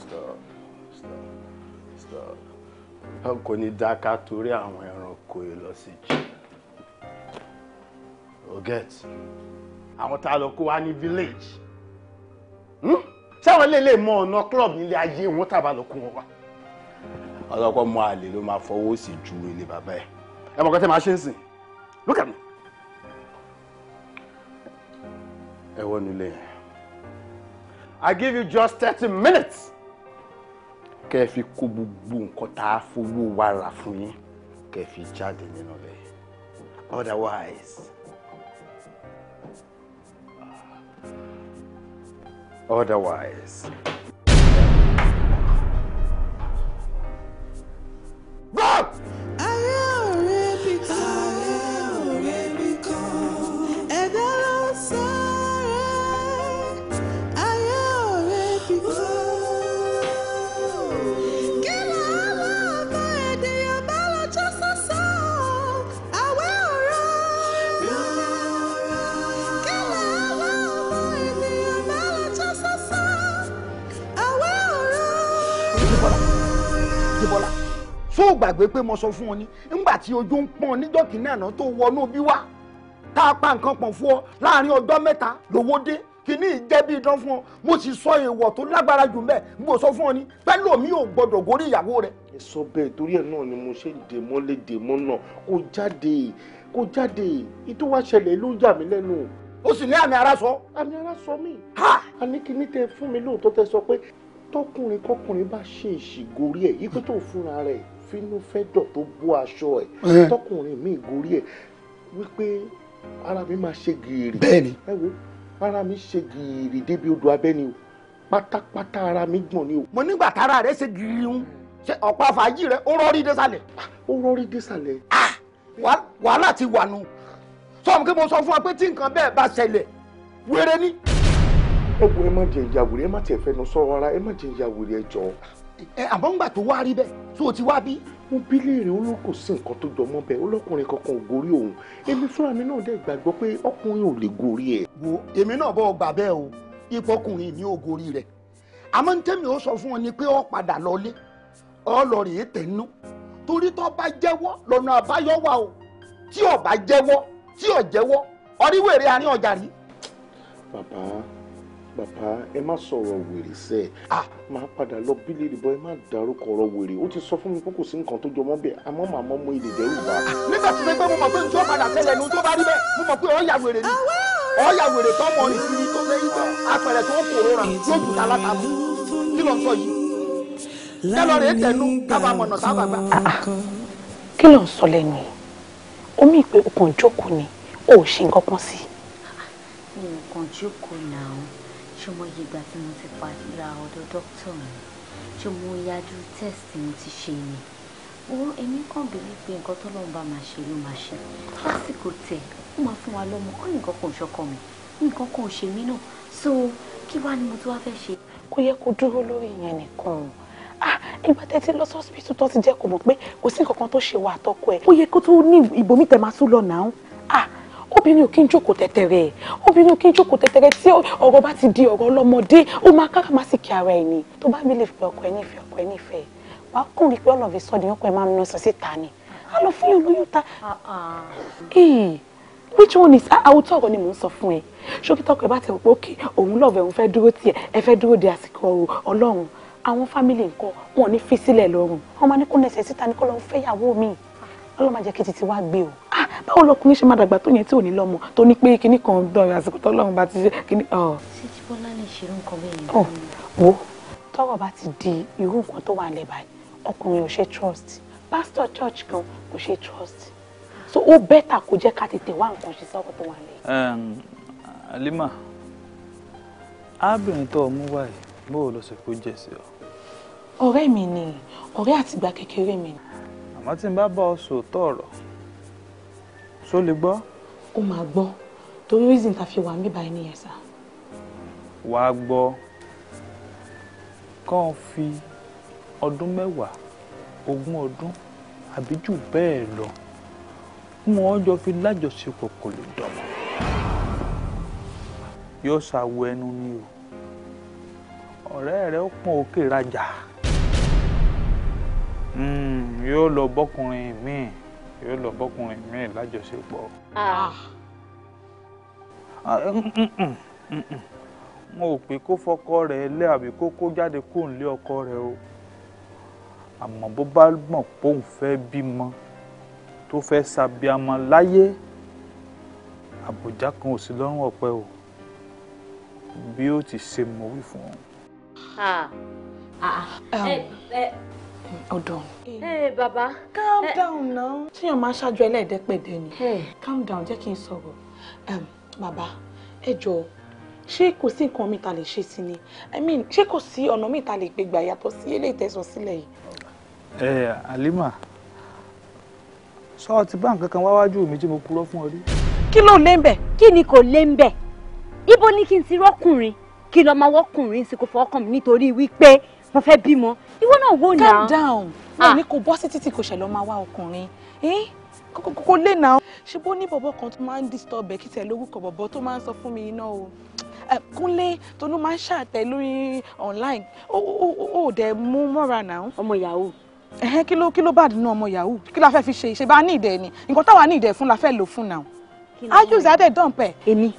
stop stop stop báwo kò ní dáká torí àwọn ẹranko yìí lọ sí jù o get àwọn tá a lọ kó wá ní village sáwọn lè lè mọ ọ̀nà club nílé ayé wọn tàbá lọ kó wọn wá ọlọ́pọ̀ mọ àlè ló máa fọwọ́ sí ju ilé bàbá ẹ̀ ẹ mọ̀ kọ́tẹ́ máa ṣe ń sìn look at me ẹ wọ́n nílé yẹn I give you just thirty minutes kẹ́ fi kó gbogbo nǹkan tá a fowó wa rà fún yín kẹ́ fi jáde nínú rẹ̀ otherwise otherwise. Bro! sóò gbàgbé pé mo sọ fún ọ ní ńgbà tí ojú ń pọ́n níjọ́ kìíní àná tó wọnú bí wá tá a pa nǹkan pọ̀ fún ọ láàrin ọjọ́ mẹ́ta lówó dé kìíní ìjẹ́ bí idán fún ọ mo sì sọ èèwọ̀ tó lágbára jù mẹ́ẹ̀ n kò sọ fún ọ ní pẹ́lú omi ò gbọ́dọ̀ gorí ìyàwó rẹ. ẹ sọ bẹ́ẹ̀ torí ẹ náà ni mo ṣe dè mọ́lé dè mọ́ náà kó jáde kó jáde ìtò wá ṣẹlẹ̀ ló yà mí lẹ́nu. ó sì ní àmì ara sọ. àmì ara sọ mí. ha àní kìíní tẹ fún mi lóòótọ́ tẹ sọ pé tọkùnrin kọkùnrin bá ṣe ìṣìgórí ẹ̀ yí pé tó fúnra rẹ̀ fínúfẹ́dọ̀ tó bó aṣọ ẹ̀ tọkùnrin mi gorí ẹ̀ wípé ara mi máa ṣe gìrì bẹ́ẹ̀ni ẹ wo ara mi ṣe gìrì débi odò abẹ́ni o pátápátá ara mi gbọ̀n ni o. mo nígbà tára rẹ ṣe gìrì ń ṣe ọ̀pá fàájì rẹ ó rọrí désàlẹ̀. Ah, ó rọrí désàlẹ̀. wàhálà ti wà nù sọ́ọ̀mù kí mo sọ fún ọ pé tí nǹkan bẹ́ẹ̀ bá ṣẹlẹ̀ wéré ni. ẹ wo ẹ má jẹ ìyàwó rẹ ẹ má tiẹ̀ fẹnu sọ̀rọ̀ ara ẹ má jẹ ìyàwó rẹ jọ ẹ àbọ̀ǹgbà tó wá rí bẹ́ẹ̀ tó o ti wá bí. mo bí léèrè ó lọ kò sí nǹkan tó jọmọ́ bẹ́ẹ̀ ọlọ́kùnrin kankan ò gorí òun èmi fúnra mi náà dẹ̀ gbàgbọ́ pé ọkùnrin ò lè gorí ẹ̀. wo èmi náà bọ́ gbà bẹ́ẹ̀ o ipò ọkùnrin mi ò gorí rẹ̀ àmọ́ ní tẹ́mi ó sọ fún ọ ni pé ọ padà lọlé ọ lọ rèé tẹ̀nu torí tó bá jẹ́wọ́ lọ́nà àbáyọ wà o tí ò bá jẹ́wọ́ tí ò jẹ́wọ́ ọ̀rí wèrè àárín ọjà rí. bàbá bàbá ẹ má sọ̀rọ̀ wèrè sẹ́ ẹ̀ ah máa padà lọ bílẹ̀ ìdìbò ẹ má dárúkọ ọ̀rọ̀ wèrè ó ti sọ fún mi pé sí nǹkan tó jọ mọ́ bẹ́ẹ̀ àmọ́ màá mọ́ mọ́ ilé ìdẹ́rù bá. nígbà tí mo gbé mo mọ̀ pé njọ́ padà tẹ́lẹ̀ nu tó bá rí bẹ́ẹ̀ mo mọ̀ pé ọ̀ọ́yà wèrè ni ọ̀ọ́yà wèrè tọ́mọ ní sí tó lẹ́yìn tó apẹ̀rẹ̀ tó kòró ra lójú tálákà mú kí ló sọ yìí kí ló sọ lẹ́nu ṣé mo yí ìgbà tí mo ti padà ọ̀dọ̀ dókítà mi ṣé mo yájú test tí mo ti ṣe ni ó èmi kàn bí wípé nǹkan tó lọ́n bá máa ṣe ló máa ṣe lásìkò tẹ̀ ó máa fún wa lọ́mọ ó ní nǹkan kan ò mi nǹkan kan ò ṣe mí náà so kí wàá ni mo ti wá fẹ́ ṣe. kò yẹ kó dúró lórí ìyẹn nìkan ah ìgbà tẹ́ ti lọ sọ́sibítù tó ti jẹ́ kó mọ̀ pé kò sí nǹkan kan tó ṣe wà àtọ́kọ ẹ̀ ó yẹ kó tó ní ibòmítẹ́ máa tún lọ náà ah obìnrin ò kí ń jókòó tẹ́tẹ́rẹ́ obìnrin ò kí ń jókòó tẹ́tẹ́rẹ́ tí ọ̀rọ̀ bá ti di ọ̀rọ̀ ọlọ́mọdé ó máa kára máa sì kí ara ẹ̀ ni tó bá mi lè fi ọkọ ẹ̀ nífẹ̀ẹ́ ọkọ ẹ̀ nífẹ̀ẹ́ wà á kùnrin pé ọlọ́ọ̀fẹ́ sọ́ọ̀dì ọkọ ẹ̀ máa ń ná sọ síta ni a lọ fún ìlú yóò ta ah, ah. which one is ah, àwùjọ ọ̀rọ̀ ni mò ń sọ fún ẹ ṣókítà ọkọ ẹ bá ti rò pé ókè òun lọ́ọ̀fẹ́ òun fẹ́ dúró tiẹ̀ ẹ fẹ́ dúró de àsìkò ọlọ́run àwọn fámìlì nǹkan wọn ò ní fi sílẹ̀ lọ́rùn wọn máa ní kó nẹsẹ̀ síta ní kó lọ́ọ́ fẹ́yàwó mi ọlọ́run má jẹ́ kí titi wá gbé o báwo lọkùnrin ṣe máa dàgbà tó yẹn tí ò ní lọ́mọ tó ní pé kinní kan dọ̀rọ̀ àsìkò tọ́lọ́run bá ti ṣe kinní. ṣé jíbọ́lá lè ṣe irú nǹkan bẹ́ẹ̀ yẹn. wo tọ́rọ̀ bá ti di irú nǹkan tó wà lẹ́bàá ọkùnrin ò ṣe trust pastor church kan kò ṣe trust so ó bẹ́tà kó jẹ́ ká tètè wá nǹkan ṣe sọ́kọ̀ tó wà lẹ́yìn. Halima arábìnrin tó o mú wáyé bó o lọ sọ pé ó jẹ sí ọ. ọ̀rẹ́ mi ni ọ̀rẹ́ àtìgbà kékeré mi ni. àmọ́ tí n bá bá ọ sòótọ́ ọ̀rọ̀ ṣó lè gbọ́. ó máa gbọ́ torí reason ta fi wà ń bíbá ẹni yẹn sá. wàá gbọ́ kàn fi ọdún mẹ́wàá ogún ọdún àbí jù bẹ́ẹ̀ lọ fún wọn jọ fi lájọṣepọ̀ kò lè dọ̀mọ́ yóò ṣàwọ ẹnu ni o ọ̀rẹ́ rẹ̀ ó pọ̀n òkè rajà hmm, yóò lọ bọ́kùnrin míì yóò lọ bọ́kùnrin míì lájọṣepọ̀. n ah. ah, mm, mm, mm, ò pé kó fọkọ rẹ̀ lé àbí kó kó jáde kó ń lé ọkọ rẹ̀ o àmọ́ bó bá mọ̀ póun fẹ́ bímọ tó fẹ́ ṣàbíamọ láyé àbùjá kan ò sí lọ́rùn ọ̀pẹ o bí ó ti ṣe mọ̀ wí fún ọ hold on. Hey, Baba, calm down now. tíyàn máa ṣáájú ẹlẹ́ẹ̀dẹ́pẹ̀dẹ́ ni calm down jẹ́ kí n sọ̀rọ̀ bàbá ẹ jọ̀ọ́ ṣé kò sí nǹkan mi ta lè ṣe sí ni i mean ṣé kò sí ọ̀nà mi ta lè gbé gbà yàtọ̀ sí eléyìí tẹ́ sọ sílẹ̀ yìí. ẹ Halima sọ ti bá nǹkan kan wáwájú mi tí mo purọ́ fún ọ ibo ni kí n ti rọ́kùnrin kí lọ́mọ wọ́kùnrin sì kò fọwọ́ kàn mí nítorí mo fẹ́ bímọ ìwọ náà wò náà. calm down ah. wọn ní kò bọ́ sí títì kò ṣẹlẹ̀ ọmọ àwa ọkùnrin kò lè nà. ṣé bó ní bọ̀bọ̀ kan tó máa ń disturb ẹ̀ kí tẹ̀ lórúkọ bọ̀bọ̀ tó máa ń sọ fún mi iná o eh, kúnlé tonú máa ń ṣàtẹ lórí online ó dẹ̀ mú mọ́ra náà. ọmọ yahoo ẹ̀hẹ́ kí ló kí ló bá dínú ọmọ yahoo kí la fẹ́ fi ṣe ìṣe bá ní ìdẹ ni nǹkan táwa ní ìdẹ fún la fẹ́ lò fún náà. ayúzà dẹ̀ dán pẹ̀. èmi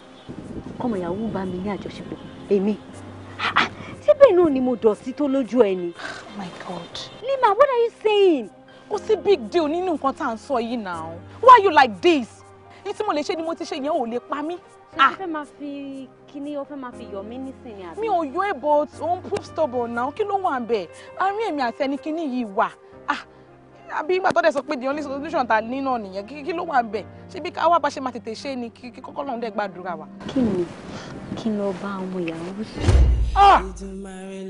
ọmọ yahoo bá mi ní àjọṣepọ̀ èmi bẹ́ẹ̀ náà ni mo dọ̀sí tó lójú ẹ ni. Oh my god. lima what are you saying. kò sí big deal nínú nǹkan tá à ń sọ yìí now why are you like this ní tí mo lè ṣe ni mo ti ṣe yẹn ò lè pa mí. ṣé o ah. fẹ́ máa fi kíní o fẹ́ máa fi yọ mí nísìnyí àbí. mi ò yọ èbò òun proof stubborn náà kí ló wà ń bẹ̀ àárín èmi àti ẹni kíní yìí wà ah àbí ìgbà tó dẹ̀ sọ pé the only solution ta ní náà nìyẹn kí ló wà bẹ̀ ṣé bí káwá bá ṣe máa tètè ṣe ni kí kọ́kọ́ lọ́run dẹ̀ gbàdúrà wa. kí ni kí lọ bá àwọn ìyàwó wí. Ah! ìdùnmọ̀rẹ̀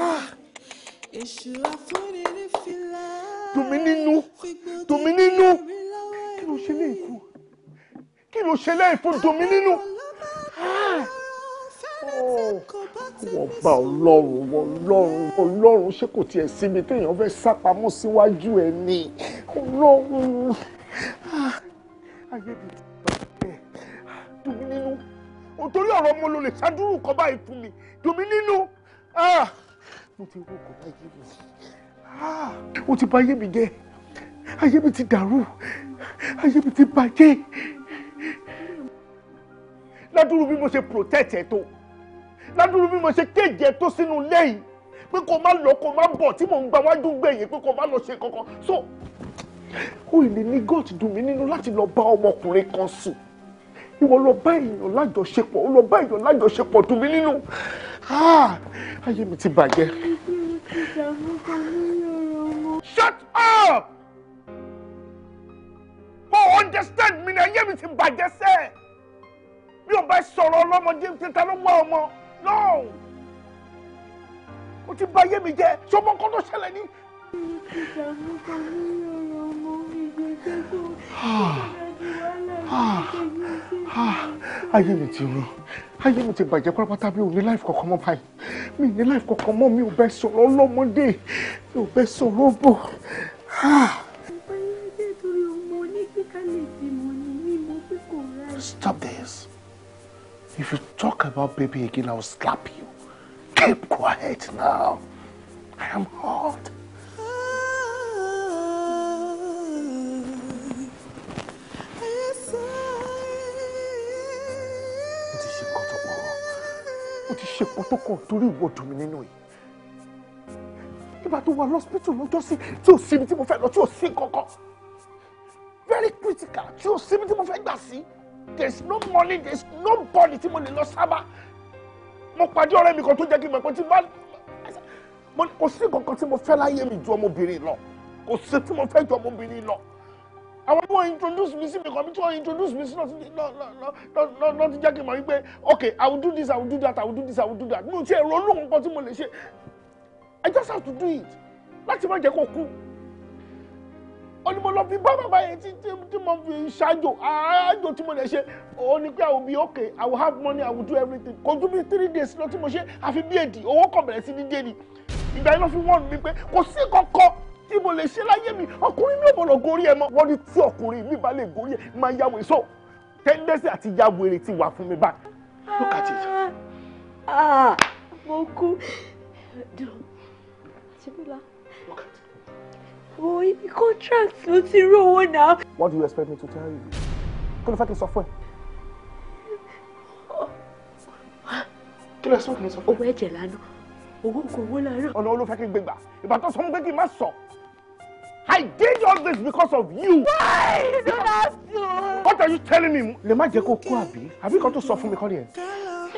ah! nínú dùnmí nínú kí ló ṣe lẹ́yìn fún kí nínú wọ́n bá ọlọ́run ọlọ́run ọlọ́run ṣé kò tiẹ̀ síbi téèyàn fẹ́ sá pamọ́ síwájú ẹ̀ ni ọlọ́run ah, ayébi ti bàjẹ́ dùn mí nínú nítorí ọ̀rọ̀ ọmọ ló lè ṣàdúrù kọ́ báyìí fún mi dùn mí nínú ah, mo ti rú ọkọ̀ báyìí mi ah, ó ti bà ayé mi jẹ́ ayé mi ti dàrú ayé mi ti bàjẹ́ ládùúrú bí mo ṣe protect ẹ̀ tó ládùúrú bí mo ṣe kéje tó sínú ilé yìí pé kó má lọ kó má bọ̀ tí mò ń gba wájú gbẹ̀yìn pé kó má lọ ṣe kankan so ó ìlè ní gọ́ọ̀tì dùn mí nínú láti lọ bá ọmọkùnrin kan sùn ìwọ lọ bá èèyàn lájọṣepọ̀ ó lọ bá èèyàn lájọṣepọ̀ dùn mí nínú ah, ayé mi ti bàjẹ́. shut up mo understand mi ni ayé mi ti bàjẹ́ sẹ́ẹ̀ bí o bá sọ̀rọ̀ ọlọ́mọdé títa ló wá ọmọ no o ti bà ayé mi jẹ́ sọmọ nǹkan tó ṣẹlẹ̀ ní. Ah, ayé mi ti run ayé mi ti bàjẹ́ pátápátá mi ò ní láìfù kankan mọ́ báyìí mi ní láìfù kankan mọ́ mi ò bẹ́ sọ̀rọ̀ ọlọ́mọdé mi ò bẹ́ sọ̀rọ̀ bọ̀. Ah. Stop this. If you talk about baby again, I will slap you. Keep quiet now. I am hot. Ó ti ṣe kan tó pọ̀. Ó ti ṣe kan tó kàn torí ìwọ dùn mí nínú yìí. Ìgbà tó wà lọ́sípítù lọ́jọ́ sí tí ò síbi tí mo fẹ́ lọ tí ò sí kankan. Very critical tí ò síbi tí mo fẹ́ gbà sí. There's no money There's no body. tí mo lè lọ sábà mo pàdé ọ̀rẹ́ mi kan tó jẹ́ kí n mọ̀ pé tí bá kò sí kankan tí mo fẹ́ láyé mi ju ọmọbìnrin lọ kò sí tí mo fẹ́ ju ọmọbìnrin lọ àwọn tí wọ́n introduce mi sí mi kan bí tí wọ́n introduce mi sí náà ti jẹ́ kí n mọ̀ wípé okay i will do this i will do that i will do this i will do that mi ò tiẹ̀ ronú nǹkan tí mo lè ṣe i just have to do it láti má jẹ́ kó kú ó ní mo lọ fi bá bàbá yẹn tí tí mo fi ṣáájò àájò tí mo lè ṣe ó ní pé i will be okay i will have money i will do everything kò ju bí three days lọ tí mo ṣe àfi bí èdè owó kàn bẹ̀rẹ̀ sí ní dé ni ìgbà yẹn lọ fi wọ́n mi pé kò sí kọ́kọ́ tí mo lè ṣe láyé mi ọkùnrin mi ò bọ̀lọ̀ gorí ẹ mọ́ wọ́n ní tí ọkùnrin mi bá lè gorí ẹ máa ya wèrè so tẹ́ndẹ́sì àti ya wèrè ti wà fún mi báyìí look at it. Ah, ah, mo kú. Àtibílà. Boy, the contract ló zero now. What do you expect me to tell you? Can ló fẹ́ kí n sọ fún ẹ. kí ló Oh, kí n sọ fún ẹ. no, ẹ̀jẹ̀ lánàá owó kò owó lánàá. ọ̀nà olú fẹ́ kí n gbé gbà ìgbà tó I did all this because of you. Why? You don't ask to. What are you telling me? Lè má jẹ́ kó kú àbí? Àbí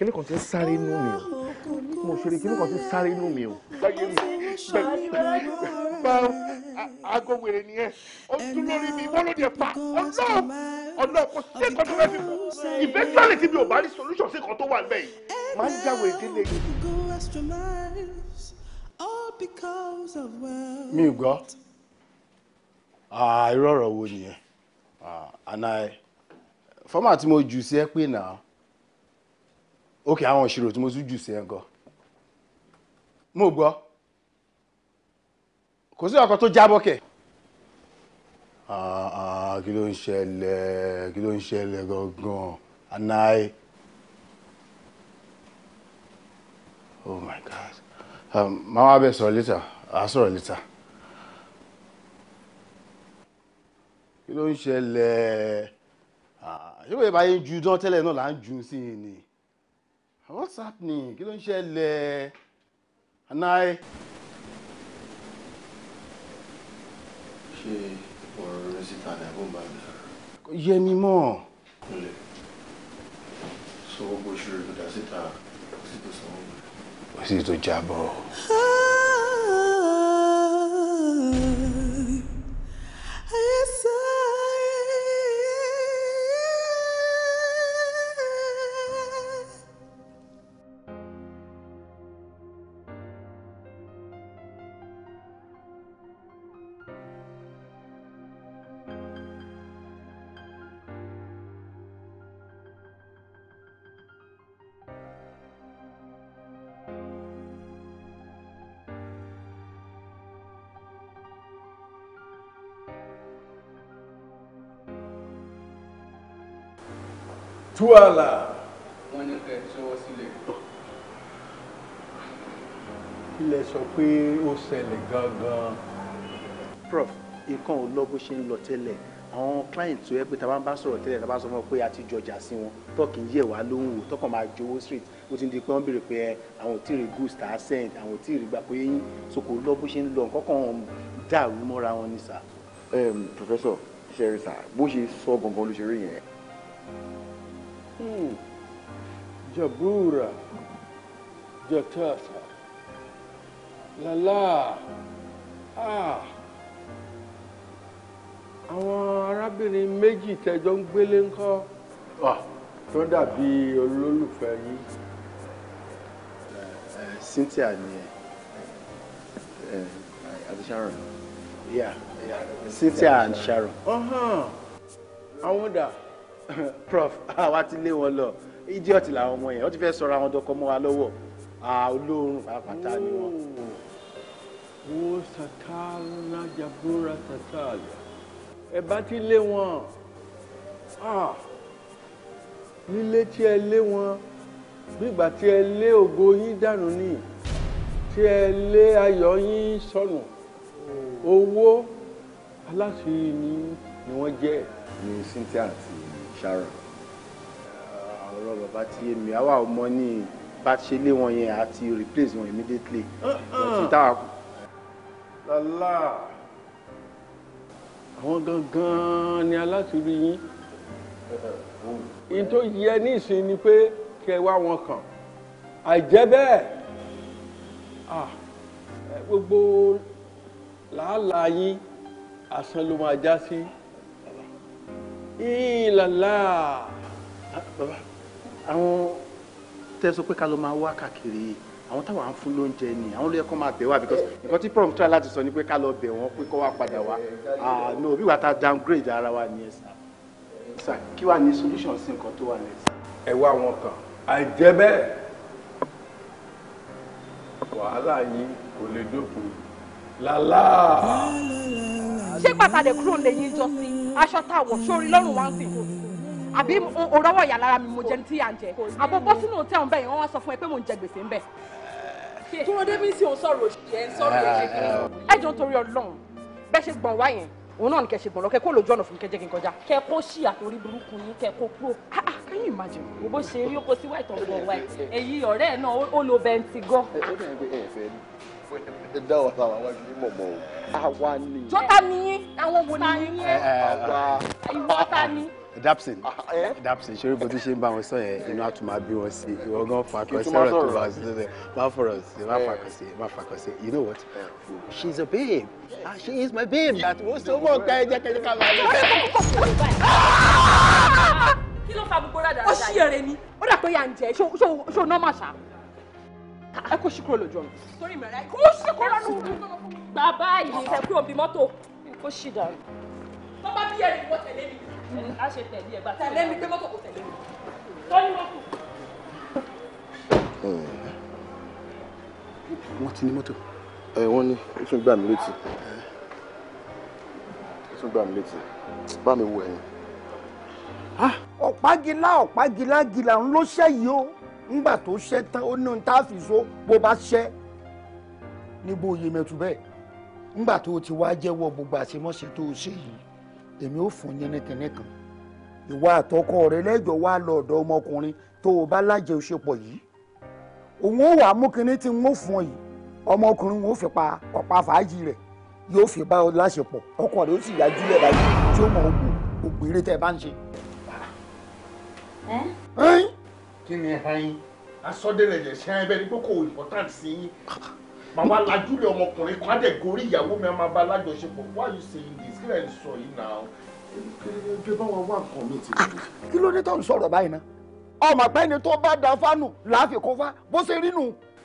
kíní kan ti ń sáré inú mi o mo ṣe rí kíní kan ti ń sáré inú mi o. báyé mi báwo aago wèrè nìyẹn ó dún lórí eventually tí mi ò bá rí solution sí ẹ̀kọ́ tó wà lẹ́yìn máa ń jáwé ìdílé yìí. mi gbọ́ irú ọ̀rọ̀ wo fọ́mà tí mo jù sí ẹ pé náà ok àwọn ìṣirò tí mo tún jù sí ẹ̀ ń gan mo gbọ́ kò sí ọkọ̀ tó jábọ́ kẹ̀. Ah, ah, kí ló ń ṣẹlẹ̀ kí ló ń ṣẹlẹ̀ gangan anáyé oh my god máa um, wá bẹ̀ sọ̀rọ̀ later àá sọ̀rọ̀ later. kí ló ń ṣẹlẹ̀ ah, ṣé wòye báyìí ju dán tẹ́lẹ̀ náà là ń jù sí i ni what's happening kí ló ń ṣẹlẹ̀ anaye. ṣe ọ̀rọ̀ rẹ síta ní abúmbà mi. kò yẹ mi mọ́. kò lè sọ gbogbo ìṣòro ìdásíta kò sí tó sọ wọn. kò sí tó jábọ̀. Ah! tú wọ́n ní kẹ́ ṣọwọ́ sílẹ̀. ilẹ̀ sọ pé ó ṣẹlẹ̀ gangan. prof nǹkan ò lọ bó ṣe ń lọ tẹ́lẹ̀ àwọn client tó yẹ pé tàbá ń bá sọ̀rọ̀ tẹ́lẹ̀ tàbá sọ fún ọ pé a ti jọjà sí wọn tọ́kì ń yẹ̀ wá lóhùn wò tọkàn máa jowó street ó ti di pé wọ́n béèrè pé àwọn ò tí ì rí goods tá a send àwọn ò tí ì rí gbà pé yín so kò lọ bó ṣe ń lọ nǹkan dàrú mọ́ra wọn ni sà. professor ṣe rí sà bó ṣe sọ gangan ló ṣe rí yẹn Jabura, Jatasa, Lala, Ah. Àwọn arábìnrin méjì tẹjọ ń gbélé ńkọ́. Ah, tó dàbí olólùfẹ́ yìí. Eh, eh, Cynthia ni ẹ eh, àti Sharon. Yeah, Cynthia and Sharon. àwọn dà. Uh -huh. prof àwa ti lé wọn lọ idiot làwọn ọmọ yẹn wọ́n ti fẹ́ sọ̀rọ̀ àwọn dọkọ mọ́ wa lọ́wọ́ olóorun pàápàá ni wọ́n. wo sàkàlà jàbúrà sàkàlà ẹ bá ti lé wọn nílé tí ẹ lé wọn nígbà tí ẹ lé ògo yín dànù ni tí ẹ lé ayọ̀ yín sọnù owó aláṣìírí ni wọ́n jẹ́. ni cynthia àti ṣàrọ̀. ọ̀rọ̀ bàbá ti yé mi àwa ò mọ ní bá ṣe lé wọn yẹn àti replace wọn immediately. ọtí uh-uh. táwa kù. lọ́lá àwọn gangan ni alátùrí yín n tó yẹ ní ìsìn ni pé kẹ wá wọn kàn àìjẹ́ bẹ́ẹ̀ gbogbo làálàá yín asán ló máa já sí. Si ìlàlá bàbá àwọn tẹ́sọ pé ká ló máa wá káàkiri àwọn táwọn à ń fún lóúnjẹ ni àwọn olóyè kan máa bẹ̀ wá because nǹkan tí prom try láti sọ ni pé ká lọ bẹ̀ wọ́n pé kọ́ wá padà wá ah, no bí wàá ta downgrade ara wa ni ẹ sà sà kí wàá ní solution sí nǹkan tó wà ní ẹ sà. ẹ wá wọn kàn àìjẹ́ bẹ́ẹ̀ wàhálà yìí kò lè dópin. Lala. ṣé pàtàkì kúrò lè yín jọ sí aṣọ tá a wọ̀ sórí lọ́rùn wá ń sìn kó àbí òrọ́wọ̀ ìyá lára mi mo jẹ ní tí à ń jẹ àbọ̀ bọ́ sínú òtẹ́ ọ̀hún bẹ́ẹ̀ wọ́n wá sọ fún ẹ pé mò ń jẹ gbèsè ń bẹ̀. dúró débi sí òun sọ̀rọ̀ òṣìṣẹ́ ẹ̀ ń sọ̀rọ̀ ẹ̀ ṣe kí ni. ẹ jọ ń torí Ọlọ́run bẹ́ẹ̀ ṣe gbọ̀n wá yẹn òun náà ni kẹ ṣe gbọ̀n lọ kẹ kó lójú ọ̀nà fún kẹ jẹ́ kí n kọjá. kẹ kó ṣì àtòrí burúkú yín kẹ kó kúrò. Ah, ah, can you imagine. bó ṣe rí ó kó sí wáìtọ̀ gbọ̀n wáì èyí ọ̀rẹ́ náà ó lo bẹntigọ́. ó dẹ̀ ń gbé ẹ̀fẹ́ ni fún mi dá ọ̀rọ̀ àwọn ẹbí mọ̀mọ́ o. àwa ni. jọ́tà ni àwọn wo ni àwa ìwọ ta ni. dapsin ah, dapsin ṣé bó ti ṣe ń bá wọn sọ yẹn inú àtún bí wọn sí ìwọ gan fa kan sọ̀rọ̀ tó bá sí lẹ má fọ̀rọ̀ sí má fa kan sí má fa kan sí you know what she is a babe ah she is my babe that wo so mọ nǹkan ẹ jẹ kẹjẹ ká máa lọ. kí ló fa gbogbo rádàrá yìí. ó ṣí ẹrẹ ni ó dà pé yà ń jẹ ṣó ṣó ṣó nọ́ọ̀mà ṣá ẹ kò sí kúrò lójú ọ̀nà. torí mi rẹ̀ kò sí kúrò lójú ọ̀nà. gbà báyìí ẹ kúrò bí mọ́tò kò sí dànù. tó bá bí ẹni wọ tẹ̀lé mi. a hmm. ṣe tẹ̀lé ẹgbà tẹ̀lé mi pé mọ́tò kò tẹ̀lé mi. tọ́ni mọ́tò. Hmm. wọ́n ti ní mọ́tò. ẹ wọ́n ní ó tún gbà mí létí ó tún gbà mí létí bá mi wo ẹ̀yìn. Ah, ọ̀pá gila ọ̀pá gila gila ń lọ ṣẹ́yìí o ńgbà tó ṣẹ́ tán ó ní ohun fi so bó bá ṣẹ́ níbo òye mẹ́tù bẹ́ẹ̀ ńgbà tó o ti wá jẹ́wọ́ gbogbo àṣemọ́ṣe tó o ṣe yìí èmi ò fún yín ní kinní kan ìwà àtọkọ rẹ lẹ́jọ́ wá lọ ọ̀dọ̀ ọmọkùnrin tó o bá lájẹ òṣèpọ̀ yìí òun ó wà á mú kinní tí n ó fún ọ yìí ọmọkùnrin wọn ó fi pa ọ̀pá fàájì rẹ̀ yóò fi bá ọ láṣepọ̀ ọkọ rẹ ó sì yájú lẹ̀ báyìí tí ó mọ ògùn ògbèrè tẹ́ ẹ bá ń ṣe. ẹ́ ẹ́ kí ni ẹ̀hán asọ́dẹ̀rẹ̀jẹ̀ ṣe ẹ̀bẹ̀ ní kókó important sí yín màmá lajúlẹ̀ ọmọkùnrin kan á gorí ìyàwó mi máa bá lájọṣepọ̀ why you saying this kí lẹ̀ ń sọ yìí now bí bá wọn wá nǹkan mi ti lè. kí ló dé tó ń sọ̀rọ̀ báyìí náà ọmọ pẹ́ ni tó bá da fánù láàfikún fá bó ṣe rí nù.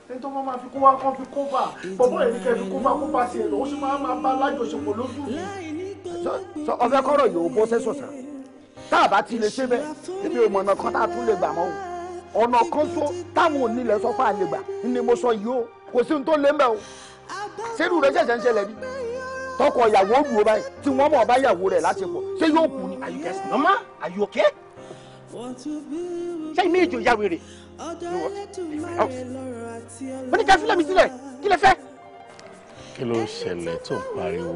ẹni tó máa fi kó wá kán fi kó bá bọ́bọ́ yẹn ní kẹ́ fi kó bá kó bá sí ẹ̀ lọ́wọ́ sí máa máa bá lájọṣepọ̀ lójú. sọ ọfẹ kọrọ yòó bó ṣe sọsàn tá a bá ti lè ṣe bẹ́ẹ̀ ẹbí ò mọ̀nà kan tá a tún lè gbà mọ́ o ọ̀nà kan só táwọn onílẹ̀ sọ fún àlegbà ni mo sọ yìí o kò sí ní tó lé mbẹ́ o sẹ́rù rẹ̀ ṣẹ̀ṣẹ̀ ń ṣẹlẹ̀ bí tọkọ ìyàwó òdùwọ̀ báyìí tí wọ́n mọ̀ bá ìyàwó rẹ̀ láṣepọ̀ ṣé yóò kù ni àyùkẹ́ sí. mama àyùkẹ́ ṣé ìmí ìjò ìyá wèrè oh. mo ní ká fílẹ̀ mi sílẹ̀ kí lẹ fẹ́. kí ló ṣẹlẹ̀ tó pariwo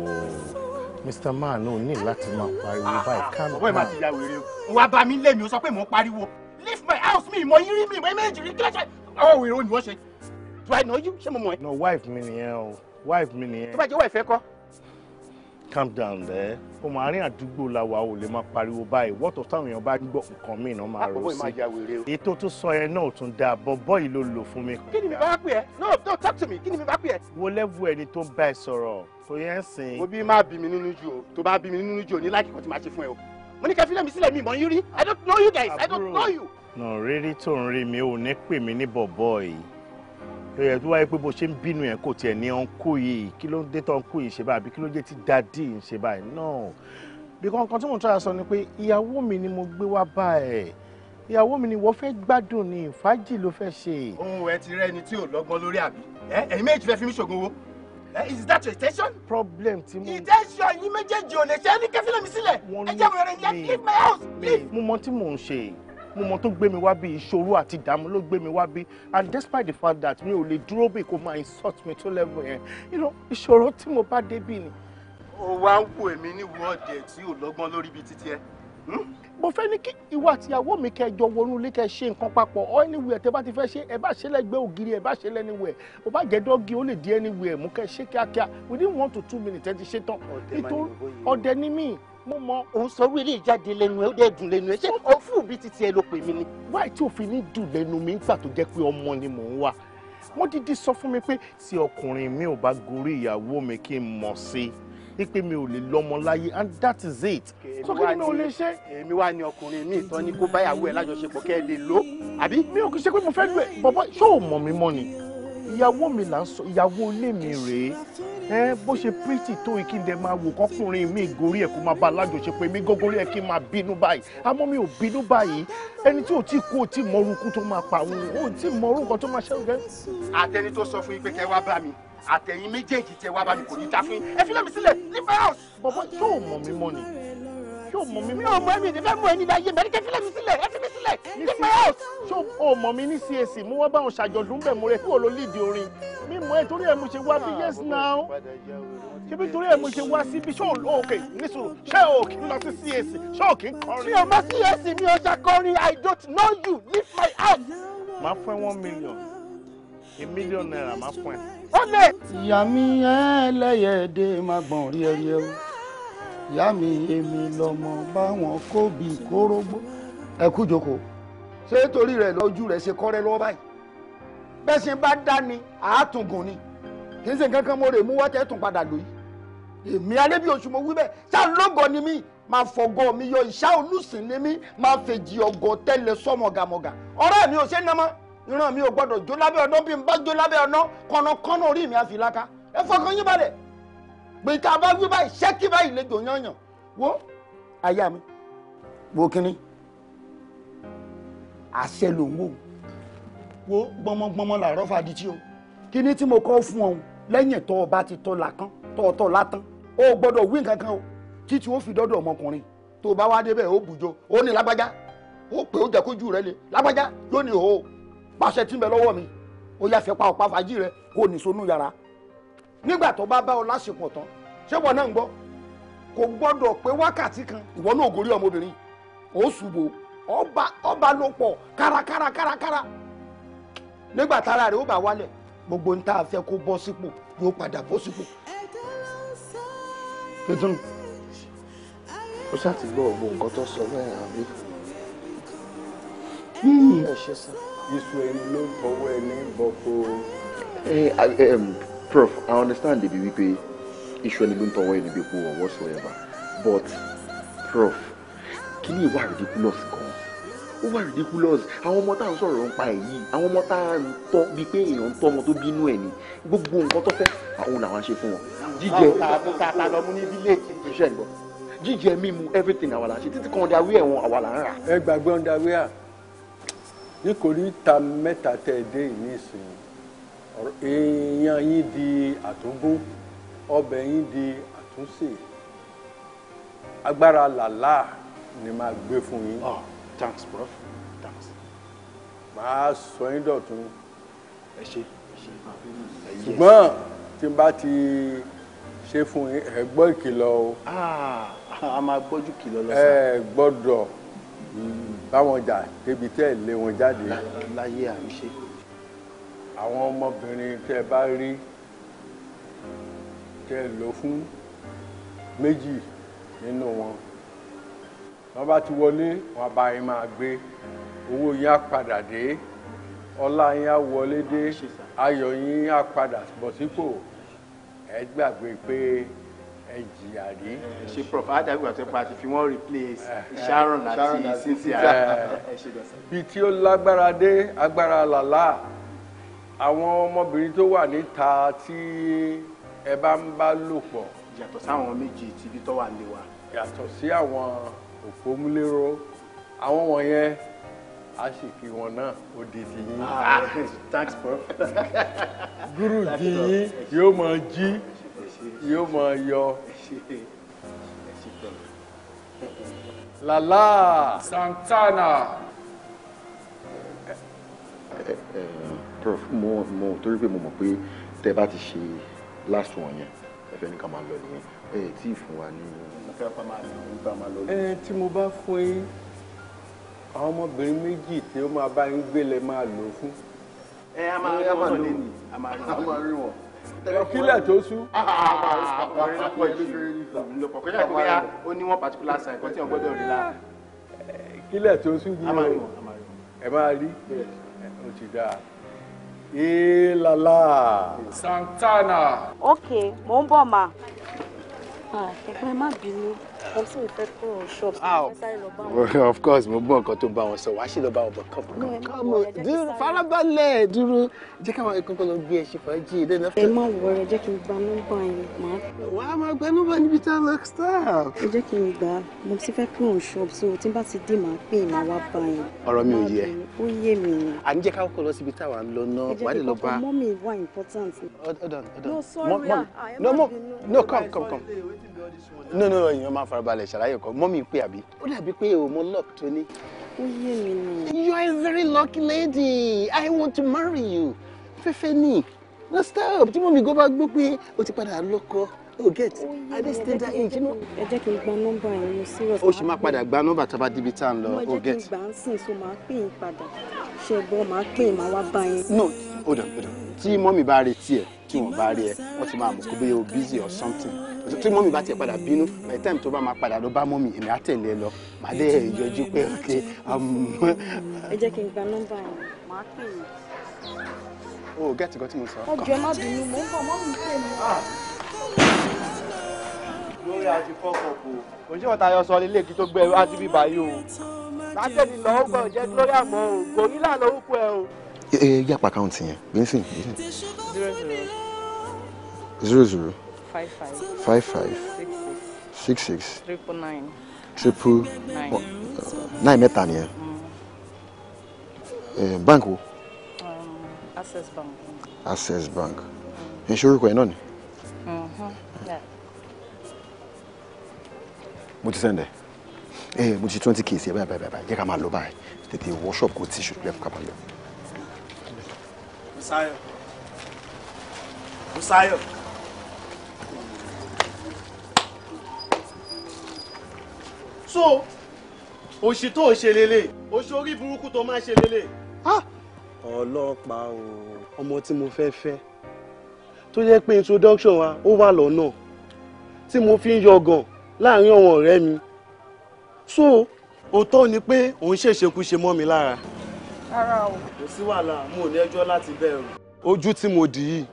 mr man ò ní láti máa pariwo báyìí kánú. Ah, ọ̀pọ̀ ẹ̀ máa ti ya wèrè o wàá bá mi lé ó sọ pé mò ń pariwo leave my house me. My yín rí mi ìmọ̀ méjì rí kílẹ̀ ṣe ọ̀rọ̀ ìrò ni wọ́n do I know you ṣé mo no wife me nìyẹn wife me nìyẹn. tó bá your wife ẹ calm down there ọmọ àárín àdúgbò la wà ò lè máa pariwo báyìí What táwọn time bá gbọ́ nǹkan come in? máa ah, rò sí ètò tó sọ yẹn náà tún dáa bọ́bọ́ yìí ló lò fún mi. kí ni mi bá pè ẹ́ no no talk to me kí ni mi bá pè ẹ́. wo lẹ́vù ẹni tó bá ẹ sọ̀rọ̀ kò yẹn sìn. obi máa bí mi nínú jù o tó bá bí mi nínú jù o ní láìkí mo ní kẹ́ fílẹ̀ mi sílẹ̀ mi mọ̀ yín rí i don't know you guys i don't know you. nà rírí tó ń rí mi ò ní pè mí ní bọ̀bọ̀ yìí ó yẹ tó wáyé pé bó ṣe ń bínú yẹn kò tiẹ̀ ní ọ̀nkú yìí kí ló ń dé tó ọ̀nkú yìí ṣe báyìí àbí kí ló dé tí dádì ń ṣe báyìí náà bí kankan tí mo tọ́ra sọ ni pé ìyàwó mi ni mo gbé wá bá ẹ̀ ìyàwó mi ni wọ́n fẹ́ gbádùn ni fàájì ló fẹ́ ṣe. ohun ẹ ti rẹ ẹni tí ò lọ́gbọ́n lórí àbí ẹ ẹ̀yin méjì fẹ́ fi mí ṣògùn owó Eh, is that your retention. problem Timo. mo. retention yín méjèèjì ò lè ṣe é ní kẹfílẹ̀ mi sílẹ̀ ẹ jẹ́ bẹ̀rẹ̀ leave my house leave. mo mọ tí mò ń ṣe mo mọ tó gbé mi wá bí ìṣòro àti ìdààmú ló gbé mi wá bí and despite the fact that mi ò lè dúró bí kò máa insult me tó level yẹn you know ìṣòro tí mo bá dé bí ni. o wá ń wo èmi ní wọ́ọ̀dì ẹ̀ tí ò lọ́gbọ́n lórí ibi títí ẹ. Hmm? mo fẹ́ ní kí ìwà àtìyàwó mi kẹjọ wọnú ilé kẹ ṣe nǹkan papọ̀ ọ anywhere tẹ bá ti fẹ́ ṣe ẹ bá ṣe lẹ́gbẹ̀ẹ́ ògiri ẹ bá ṣe lẹ́niwẹ̀ ó bá jẹ́dọ́ gi ó lè di anywhere mú kẹ ṣe kíákíá within one to two minutes ẹ ti ṣe tán nítorí ọdẹ ni mí mo mọ. òun sọ wíìlì jáde lẹ́nu ẹ ó dẹ dùn lẹ́nu ẹ ṣé ọfún bí titi ẹ ló pè mí ni. wáyé tí òfin ní dùn lẹ́nu mi nígbà tó jẹ́ pé ọmọ ni mò ń wà wọ́n dídí sọ fún mi pé tí ọkùnrin mi ò bá gorí ìyàwó mi kí n mọ̀ sí i pé mi ò lè lọ́mọ láyé and that is it. sọ kí ni mi ò lè ṣe. èmi wá ní ọkùnrin mi ìtọ́ ni kó báyàwó ẹ̀ lájọṣepọ̀ kẹ́ ẹ lè lò àbí. mi ò kì í ṣe pé mo fẹ́ lu ẹ̀ ṣé ò mọ̀ mi mọ́ ni ìyàwó mi là ń sọ ìyàwó ilé mi rèé ẹ bó ṣe pírítì tó yìí kí n dẹ máa wò kọkùnrin mi gorí ẹ kó máa bá a lájọṣepọ̀ èmi gógórí ẹ kí n máa bínú báyìí àmọ́ mi ò bínú báyìí ẹni tí ò tí kú ò tí mọ orúkú tó máa pa òun ò tí mọ orúkọ tó máa ṣẹlẹ̀. àtẹni tó sọ fún yín pé kẹ wá bá mi àtẹ̀yìn méjèèjì tẹ wá bá mi kò ní dá fún ẹ fi lẹ́mi sílẹ̀ leave house. bọ̀bọ̀ yóò mọ̀ mí mọ́ ni yóò mọ̀ mí mọ́. mi ò mọ ẹni ìdílé mọ ẹni láyé mẹ́rin kẹ́ fi lẹ́mi sílẹ̀ ẹ fi mi sílẹ̀ leave house. ṣó o mọ̀ mi ní CAC mú wọ́n bá wọn ṣàjọ̀dún bẹ̀ mo rẹ̀ kí wọ́n ló lead orin mi mọ̀ ẹ torí ẹ mo ṣe wá bí yes now ṣebí torí ẹ mo ṣe wá síbi ṣó òkè nísòro ṣé o kì í lọ sí CAC ṣé o kì í kọrin. mi ò mọ I don't know you leave my house. máa fún one million a million naira máa ó ìyá mi ẹlẹ́yẹ̀dẹ̀ máa gbọ̀n rí ẹyẹ o ìyá mi èmi lọ́mọ báwọn kóbi kórógbó ẹ kú jókòó ṣé torí rẹ̀ lójú rẹ̀ ṣe kọ́rẹ́ lọ́wọ́ báyìí bẹ́ẹ̀ ṣe bá dá ni àátùngùn ni kì í ṣe nǹkan kan mo rè mú wọ́tẹ́ tún padà lóyún èmi alẹ́ bí oṣù mo wí bẹ́ẹ̀ ṣá lọ́gọ̀ ni mí máa fọ̀gọ́ mi yọ ìṣá olùsìn ni mí máa fèjì ọ̀gọ̀ tẹ́lẹ̀ sọ́mọ̀gàmọ̀gà ọ̀rẹ́ mi ò ṣe é ná mọ́ ìran mi ò gbọ́dọ̀ jó lábẹ́ ọ̀nà bí n bá jó lábẹ́ ọ̀nà kọ̀nàkọ́nà orí mi àfi laka ẹ fọkàn yín balẹ̀ gbèta bá wí báyìí ṣẹ́kí báyìí lè jò yányàn wo àyà mi wo kínní àṣẹ ló ń wò wo gbọmọgbọmọ làárọ̀ fàdí tí o kínní tí mo kọ́ fún ọ lẹ́yìn tó o bá ti tọ́ làkán tó o tọ́ látán o gbọ́dọ̀ wí nǹkan kan o títí o fi dọ́dọ̀ ọmọkùnrin tó bá wá débẹ̀ o bùjọ o ní lágbájá o pè ó jẹ́ rẹ le lágbájá yóò ní o. pàṣẹ tí ń bẹ lọ́wọ́ mi ó fẹ́ pa ọ̀pá fàájì rẹ kó ní sọnù yàrá nígbà tó bá bá ọ tán ṣé wọn náà ń gbọ́ kò gbọ́dọ̀ pé wákàtí kan ìwọ náà gòrí ọmọbìnrin ó ọba ọba ló pọ̀ kárakára kárakára nígbà tára rẹ ó bá gbogbo ń tá a fẹ́ kó bọ́ sípò yóò iṣu ẹni ló ń tọwọ́ ẹni bọ̀kọ. prof i understand the wípé iṣu ẹni ló ń tọwọ́ ẹni bípo or whatsoever but prof kí ni ìwà ridiculous gan ó wà ridiculous àwọn ọmọ tá à ń sọ̀rọ̀ ń pa èyí àwọn ọmọ tá à ń tọ́ bíi pé èèyàn ń tọ́ ọmọ tó bínú ẹ̀ ni gbogbo nǹkan tó fẹ́ àwọn làwọn ṣe fún wọn jíjẹ jíjẹ mímu everything àwa ṣe títí kan ọ̀dà wíẹ̀ wọn àwa ń rà. ẹ gbàgbé ọ̀dà wíẹ̀ nítorí ta mẹ́ta tẹ́ ẹ dé ìní ìsìn èèyàn yín di àtúngún ọbẹ̀ yín di àtúnṣe agbára làlá ni máa gbé fún yín. oh thanks prof thanks. màá sọ yín dọ̀tun. ẹ ṣe ṣùgbọ́n tí n bá ti ṣe fún yín ẹ gbọ́ ìkìlọ̀ o. Ah, a máa gbọ́jú kìlọ̀ lọ́sàn ẹ gbọ́dọ̀ báwọn jà kébi tẹ́ ẹ̀ lé wọn jáde. láyé à ń ṣe. àwọn ọmọbìnrin tẹ́ ẹ bá rí tẹ́ ẹ lò fún méjì nínú wọn wọ́n bá ti wọlé wọ́n bá yín máa gbé owó yín á padà dé ọlá yín á wọlé dé ayọ̀ yín á padà bọ̀ sípò ẹ gbàgbé pé ẹ jìyà rí. ṣe prof adagba tó pa ti fi wọ́n replace sharon àti cynthia ẹ ṣe dọ̀sán. ibi tí ó lágbára dé agbára làlá àwọn ọmọbìnrin tó wà níta tí ẹ bá ń bá lò pọ̀. yàtọ̀ sáwọn méjì tìbí tó wà lé wa. yàtọ̀ sí àwọn òpómúlérò àwọn wọ̀nyẹn àṣìkí wọn náà ó di ti yín. Ah, thanks prof. Guru di yín yóò máa jí yóò máa yọ lala Santana. prof mo mo torí pé mo mọ̀ pé tẹ́ bá ti ṣe last one yẹn ẹ̀fẹ́ nìkan máa lọ nìyẹn ẹ̀ tí ì fún wa ní. ẹ tí mo bá fún yín àwọn ọmọbìnrin méjì tí ó máa bá yín gbélé máa lò fún. ẹ a máa rí wọn lónìí a máa rí wọn kílẹ̀ tó sú. kọ̀kọ́jà kò bóyá one particular sign kan tí wọ́n gbọ́dọ̀ rí la. kílẹ̀ tó sú ni o ẹ máa rí o ti dáa. Ilala. Santana. Ok, mo ń bọ̀ ma. Ah, Ẹgbẹ́ má bínú. Thompson fẹ́ kúrò shop. Ah, of course, mo gbọ́ nǹkan tó ń bá wọn sọ, wàá sì lọ bá wọn bọ̀ kàn. Dúró farabalẹ̀ dúró. Jẹ́ káwọn ìkókó lọ gbé ẹṣin fàájì ilé náà. Ẹ má wọrẹ, jẹ́ kí n gba nọ́mbà yẹn máa. Wà á máa gba nọ́mbà níbi tá a lọ staff. Ẹ jẹ́ kí n gbà á, mo ti fẹ́ kúrò shop so tí n bá ti dé màá pè é màá wá bá yẹn. Ọ̀rọ̀ mi ò yẹ. Ó yé mi ni. À ń jẹ́ ká kọ́kọ́ lọ síbi táwa ń lọ náà, wàá lè lọ bá. Mọ́mì wà important. Hold on, hold on. Ah, come, come, come no no èèyàn máa farabalẹ̀ ṣàlàyé kan mọ́mì pé àbí ó dàbí pé o mọ luck tó ní. ó yé mi ni. you are a very lucky lady i want to marry you fẹ́fẹ́ ni no stop tí mọ́mì gan bá gbọ́ pé o ti padà lọ́kọ o get at this tender age you know. ẹ jẹ́ kí n gba nọ́mbà yẹn mo serious. ó sì máa padà gba nọ́mbà tó bá débi tá à ń lọ o get. mo jẹ́ kí n gbà ń sìn so máa pè é padà ṣe gbọ́ máa pè é máa wá bá yín. no hold on hold on tí mọ́mì bá retí ẹ̀ tí wọ́n bá rí ẹ wọ́n ti máa mọ̀ pé bóyá o busy or something tí mọ́mì bá tiẹ̀ padà bínú by the time tó bá máa padà lọ bá mọ́mì èmi á tẹ̀lé ẹ lọ màá dé ìyọjú pé ok. Um, ẹ jẹ́ kí n gba nọ́mbà yẹn màá pè é. o ò gẹ́tì kan tí mo sọ. ọjọ́ má bínú mo ń bọ̀ mọ́mì pè mí. Ah. lórí àti fọ́ọ̀kọ̀ọ̀kọ̀ òṣèwọ̀n tayọ sọ ilé kí tó gbẹ àti yìí o látẹ̀lí lọ́wọ́ gbọ́ jẹ́ glory àmọ́ o gorilla lórúkọ ẹ o. ẹ ẹ yàpá àkáǹtì yẹn bínsìn bínsìn. zero zero. zero zero. five five. five five. six six. triple nine. triple nine. Uh, nine mẹ́ta nìyẹn. Mm. bank wo. Um, access bank. access bank. ẹ ṣe orúkọ ẹ náà ni. Mm-hmm. mo ti sẹ́ndẹ̀ẹ́ ẹ eh, mo ti twenty k sí ẹ báyìí báyìí báyìí ká máa lọ báyìí tètè workshop kò tí ṣùgbọ́n ká máa lọ. Busayo Busayo. so òṣì tó ṣe lélẹ̀ òṣì orí burúkú tó máa ṣe lélẹ̀. ọlọ́pàá o ọmọ tí mo fẹ́ fẹ́ tó jẹ́ pé introduction wa ó wà lọ́nà tí mo fi ń yọgàn láàrin àwọn ọ̀rẹ́ mi so òótọ́ ni pé òun ṣèṣekúṣe mọ́ mi lára. rárá o. kò sí wàhálà mo ní ẹjọ́ láti bẹ̀rù. ojú tí mo dì í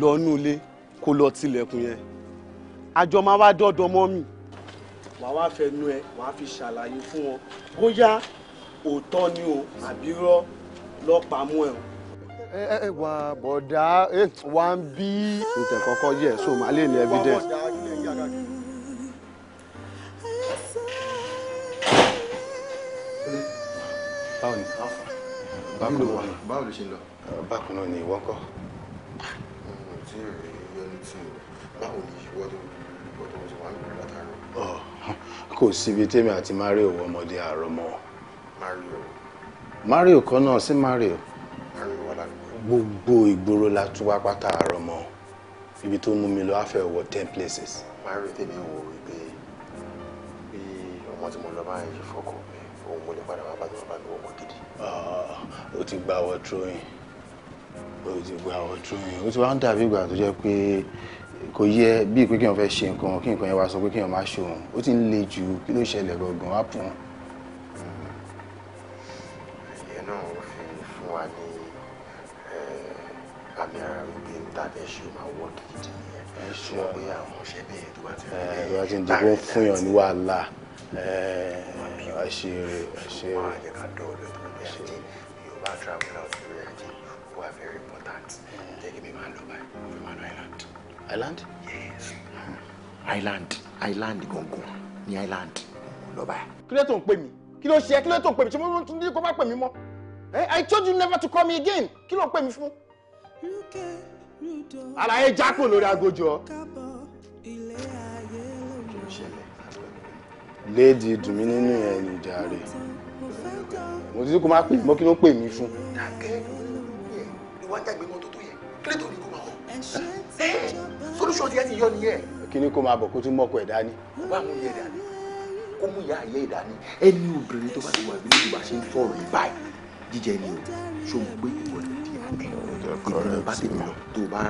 lọ́nú ilé kó lọ tilẹ̀kùn yẹn àjọ máa wá dọ́dọ̀ mọ́ mi wàá wá fẹnu ẹ wàá fi ṣàlàyé fún wọn bóyá òótọ́ ni o àbí rọ́ lọ́pàá mú ẹ o ẹ wà bọ̀dá wà ń bí. ǹtẹ̀kọ́kọ́ yẹ̀ so màá lè ní evidence. báwo ni. báwo ló ṣe lọ. bákan náà ni ìwọ kọ. tí ìyọ ní tí báwo ni ìwọ tó ìwọ tó ti wà ń lò látàrí. kò síbi tèmi àti mario wọ ọmọdé àárọ̀ mọ́. mario. mario kan náà sí mario. mario wà ládùúgbò. gbogbo ìgboro la tún wá pátá àárọ̀ mọ́ ibi tó mú mi lọ á fẹ́ wọ ten places. mario tèmi wò wípé bí ọmọ tí mo lọ bá ń yí fọkàn òun mo lè padà wá lọ bá mi wọ ọmọ gidi. o ah, ti gba àwọn tróyìn o ti gba àwọn tróyìn o ti wá ń dàbí ìgbà tó jẹ́ pé kò yẹ bíi pé kéèyàn fẹ́ ṣe nǹkan kí nǹkan yẹn wá sọ pé kéèyàn má ṣòun ó ti ń le jù kí ló ṣẹlẹ̀ gangan wá pọ̀n. ìyẹn náà ó fi fún wa ní eh, àmì ara mi pé níta bẹ́ẹ̀ máa wọ́ gidi nìyẹn ṣùgbọ́n pé àwọn ọ̀ṣẹ́ bẹ́ẹ̀ tó bá ti eh, rí bẹ́ẹ̀ bá ti ń dìbò fún yàn ní wàhálà àṣírí àṣírí. wọn á jẹ ká dọ̀ ọ̀dọ̀ ìdúró bí ajé yorùbá travel out bí ajé wà very important They kí mi máa lọ báyìí mo island. island. yes. island island Gongo. ní island lọ báyìí. kí ló tó ń pè mí kí ló ṣe kí ló tó ń mo I told you never to call me again kí ló ń pè mí fún. àlàyé jápò lórí agojo. kábọ̀ ilé léèdì dùn mí nínú yẹn ní jàre mo ti kó má pè mọ́ kí ló pè mí fún. dákẹ́ ìwà jágbe mọ́tò tó yẹ kílẹ̀ tó ní kó máa wọ̀ ẹ́ solution ti yẹ ti yọ nìyẹn. kí ni kó máa bọ̀ kó tún mọ́kọ ẹ̀ dání. kó bá mú iye dání ìyá ayé ìdání ẹni obìnrin tó bá ti wà bí níbi ṣe ń sọ̀rọ̀ yìí báyìí jíjẹ ni o ṣó mo gbé ìwọ ni di àkẹ́ ìgbìmọ̀ bá tèmi lọ tó bá.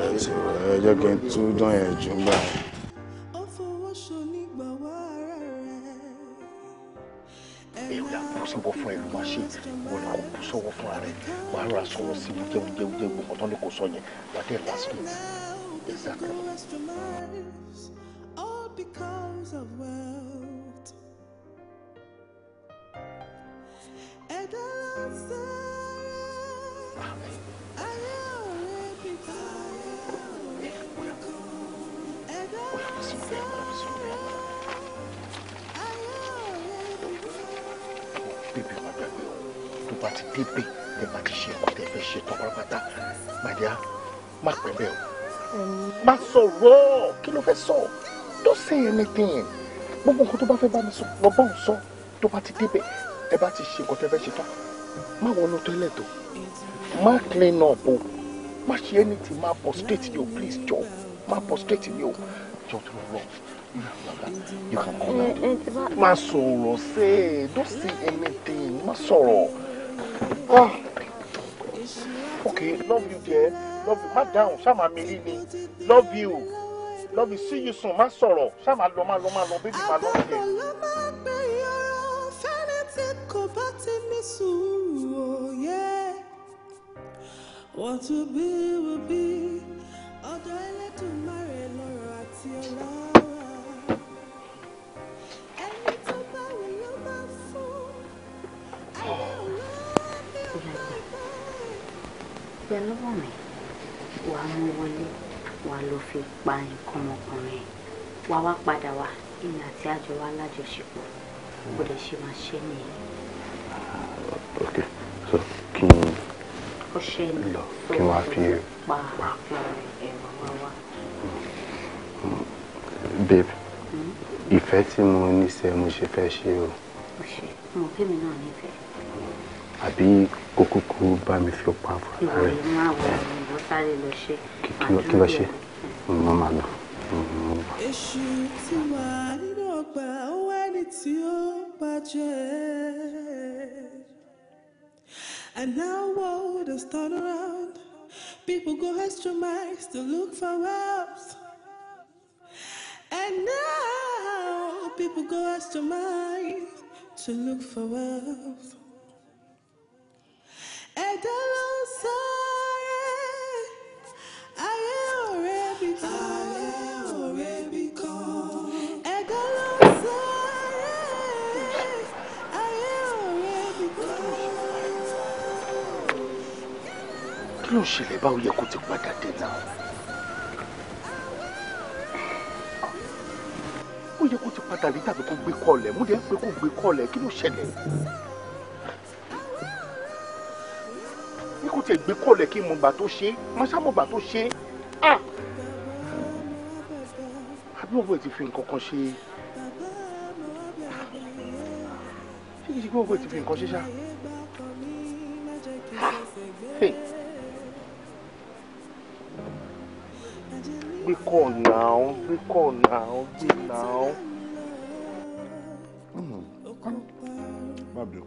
ẹ jẹ́ kí n tún dán yẹn jù ń báyìí. èyí à kó sọ́wọ́ fún ẹ̀rù máa ṣe wọn ni kò kó sọ́wọ́ fúnra rẹ̀ wà á sọ́wọ́ sí i jẹun jẹun jẹun gbogbo tán ni kò sọ yẹn wà á dẹ̀ last All because of wealth. tó bá ti débè tẹ bá ti ṣe ẹ̀kọ́ tẹ fẹ́ ṣe tán pátápátá màdíá má pẹ́ bẹ́ẹ̀ o má sọ̀rọ̀ kí ló fẹ́ sọ don't say anything gbogbo nǹkan tó bá fẹ́ bá mi sọ lọ bọ́ọ̀ sọ tó bá ti débè ẹ bá ti ṣe ẹ̀kọ́ tẹ fẹ́ ṣe tán má wọnú toilet o má clean up o má ṣe anything má prostrate ni o please jọ má prostrate ni o jọ tó lọ má sọ̀rọ̀ say don't say anything má sọ̀rọ̀. Ah. okay love you dear love you má down. ṣáàmà mi rí love you love you see you soon my sọ̀rọ̀ ṣáàmà lọ má lọ má lọ bébì má lọ jẹ. What to be will be, ọ̀dọ̀ ẹlẹ́dùn márẹ̀ lọ́rọ̀ àti ọlá. bẹ lọ́wọ́ mi wà á mú wọlé wà á lọ fi pa nǹkan ọmọkùnrin wà á wá padà wá ìnà àti àjọ wa lájọṣepọ̀ bó lè ṣe máa ṣe nìyẹn. ok so kí n lọ kí n wá fi pa ẹ̀rọ wa wá. babe hmm? ìfẹ́ tí mo ní sẹ́ mo ṣe fẹ́ ṣe o. mo ṣe mo kí mi náà nífẹ̀ẹ́ àbí kókókó bá mi fi ọ̀pá àfọ̀rọ̀ rẹ̀. kí lọ ṣe mo máa lọ. èṣù tí wàá nínú ọgbà ó wá ní tí ó bàjẹ́. And now world has turned around. People go extra miles to look for wealth. And now people go extra miles to look for wealth ẹ̀dá ló ń sọ ayé ayé ọ̀rẹ́ mi kan. ayé ọ̀rẹ́ mi kan. ẹ̀dá ló ń báwo yẹ kó ti padà dé náà. ó yẹ kó ti padà rí tàbí kó gbé kọ́ọ̀lẹ̀ mú dé pé kó gbé kọ́ọ̀lẹ̀ kí ló ṣẹlẹ̀. tiẹ̀ gbé kọ̀lẹ̀ kí n mọ̀gbà tó ṣe máa sá mọ̀gbà tó ṣe ah àbí òwe ti fi nǹkan kan ṣe ṣé kìí ṣe pé òwe ti fi nǹkan ṣe ṣá gbé kọ̀ náà gbé kọ̀ náà gbé náà. Hmm. Babdo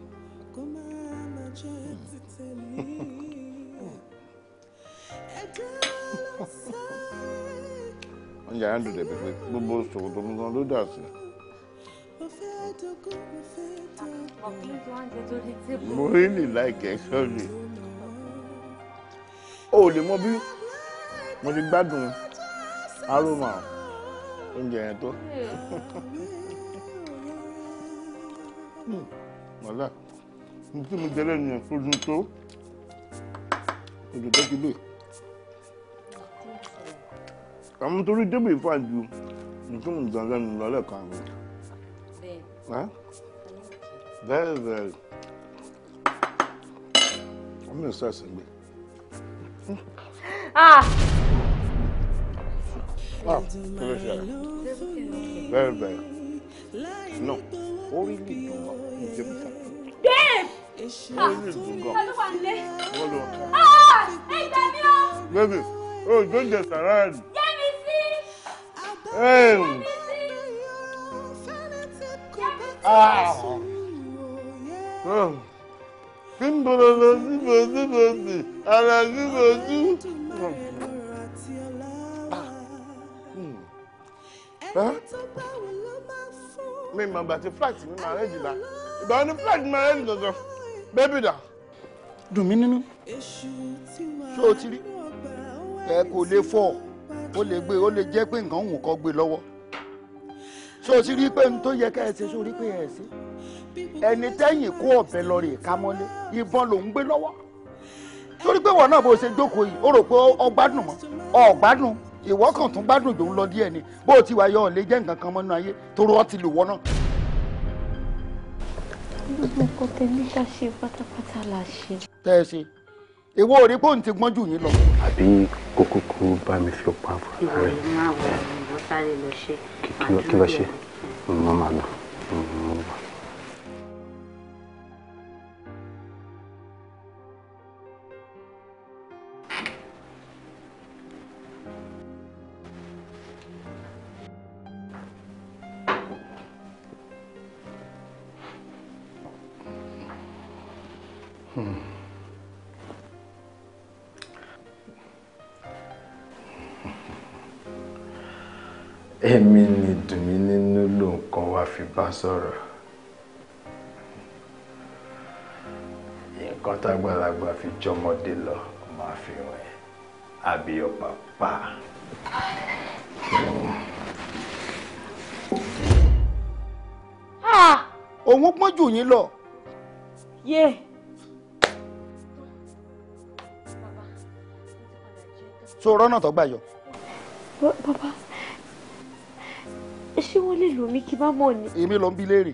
wọ́n yàrá ń dòdò pẹ̀lú gbogbo ṣòkòtò mi gan ló dà sí. mo really like ẹ sọ́ọ̀lì o ò lè mọ bí mo ti gbádùn aroma oúnjẹ yẹn tó. Hmm, wàhálà mo ti mo jẹ lẹ́nu yẹn fojú tó òjò tó ti àwọn torí débè fà ju nǹkan mú gan lẹ́nu lọ́lẹ̀ kan mi. bẹ́ẹ̀ bẹ́ẹ̀ ọmọ ìsẹ̀sìn gbé. Ah. Ah, Commissioner. Very, very. No, orí lè dùn wá ní Jẹ́bùtà. Babe! Orí lè dùn gan. Olúwa ń lé. Wọ́n lọ. Ah! Ẹ gbà mí o! Baby, o ò jọ jẹ sàrá ẹ̀. Símbòlòlò síbò síbò sí, ara síbò sí. Mi mọ̀ gbà tí flight mi máa rẹ́jì dá. Ìgbà wo ni flight mi máa rẹ́jì gangan? Bébì dà. Dùn mí nínú. Ṣé o ti rí? Ẹ kò lè fọ́ ọ ó lè gbé ó lè jẹ́ pé nǹkan òun kọ́ gbé lọ́wọ́ ṣé o ti rí i pé n tó yẹ ká ẹ ṣe ṣé o rí i pé ẹ ṣe ẹni tẹ́yìn kó ọ̀bẹ lọ rè ká mọ́lé ìbọn lòún gbé lọ́wọ́ torí pé wọn náà bó ṣe jókòó yìí ó rò pé ọgbádùn mọ́ ọgbádùn ìwọ kàn tún gbádùn jòun lọ díẹ̀ ni bó o ti wà yọ ọ jẹ́ nǹkan kan mọ́nú ayé torí ọ ti lù wọ́n náà. gbogbo nǹkan tẹ níta ṣe pátápátá la ṣe. tẹ́ ẹ ṣe èwo ò rí pé òun ti gbọ́n jù yín lọ. àbí kókókó bá mi fi ọ̀pá àbúrò rẹ̀. kí ló ṣe mo máa lọ. sọ̀rọ̀ nǹkan tágbàlagbà fi jọmọdé lọ máa fi rìn àbí ọ̀pá pa. Ah! òun pọ́n jù yín lọ. yé. so rọ́nà tó gbà yọ. bàbá ṣé wọ́n lè lù mí kí bá mọ̀ ni. èmi ló ń bi léèrè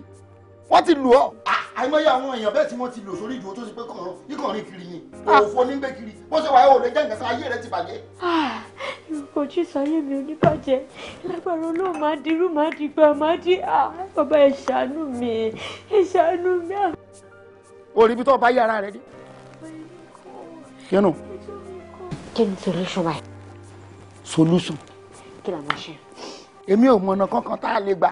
wọ́n ti lù ọ́. Ah, àìmọye àwọn èèyàn bẹ́ẹ̀ tí wọ́n ti lò sórí ìdúró tó ṣe pé kọ̀ọ̀rọ̀ ikọ̀ rìn kiri yìí ah. òfò nígbè kiri bó ṣe wáyé òde jẹ́ǹkẹ́ sọ ayé rẹ ti bàjẹ́. kò tí ì sáyé mi oníbàjẹ́ lágbára náà máa di irú máa di gbà máa di ah, bàbá ẹ ṣàánú mi ẹ ṣàánú mi. orí ibi tó bá yí ara rẹ dé. kínú. kí ni solution báyìí. solution. kí la máa ṣe èmi ò mọ̀nà kankan tá a lè gbà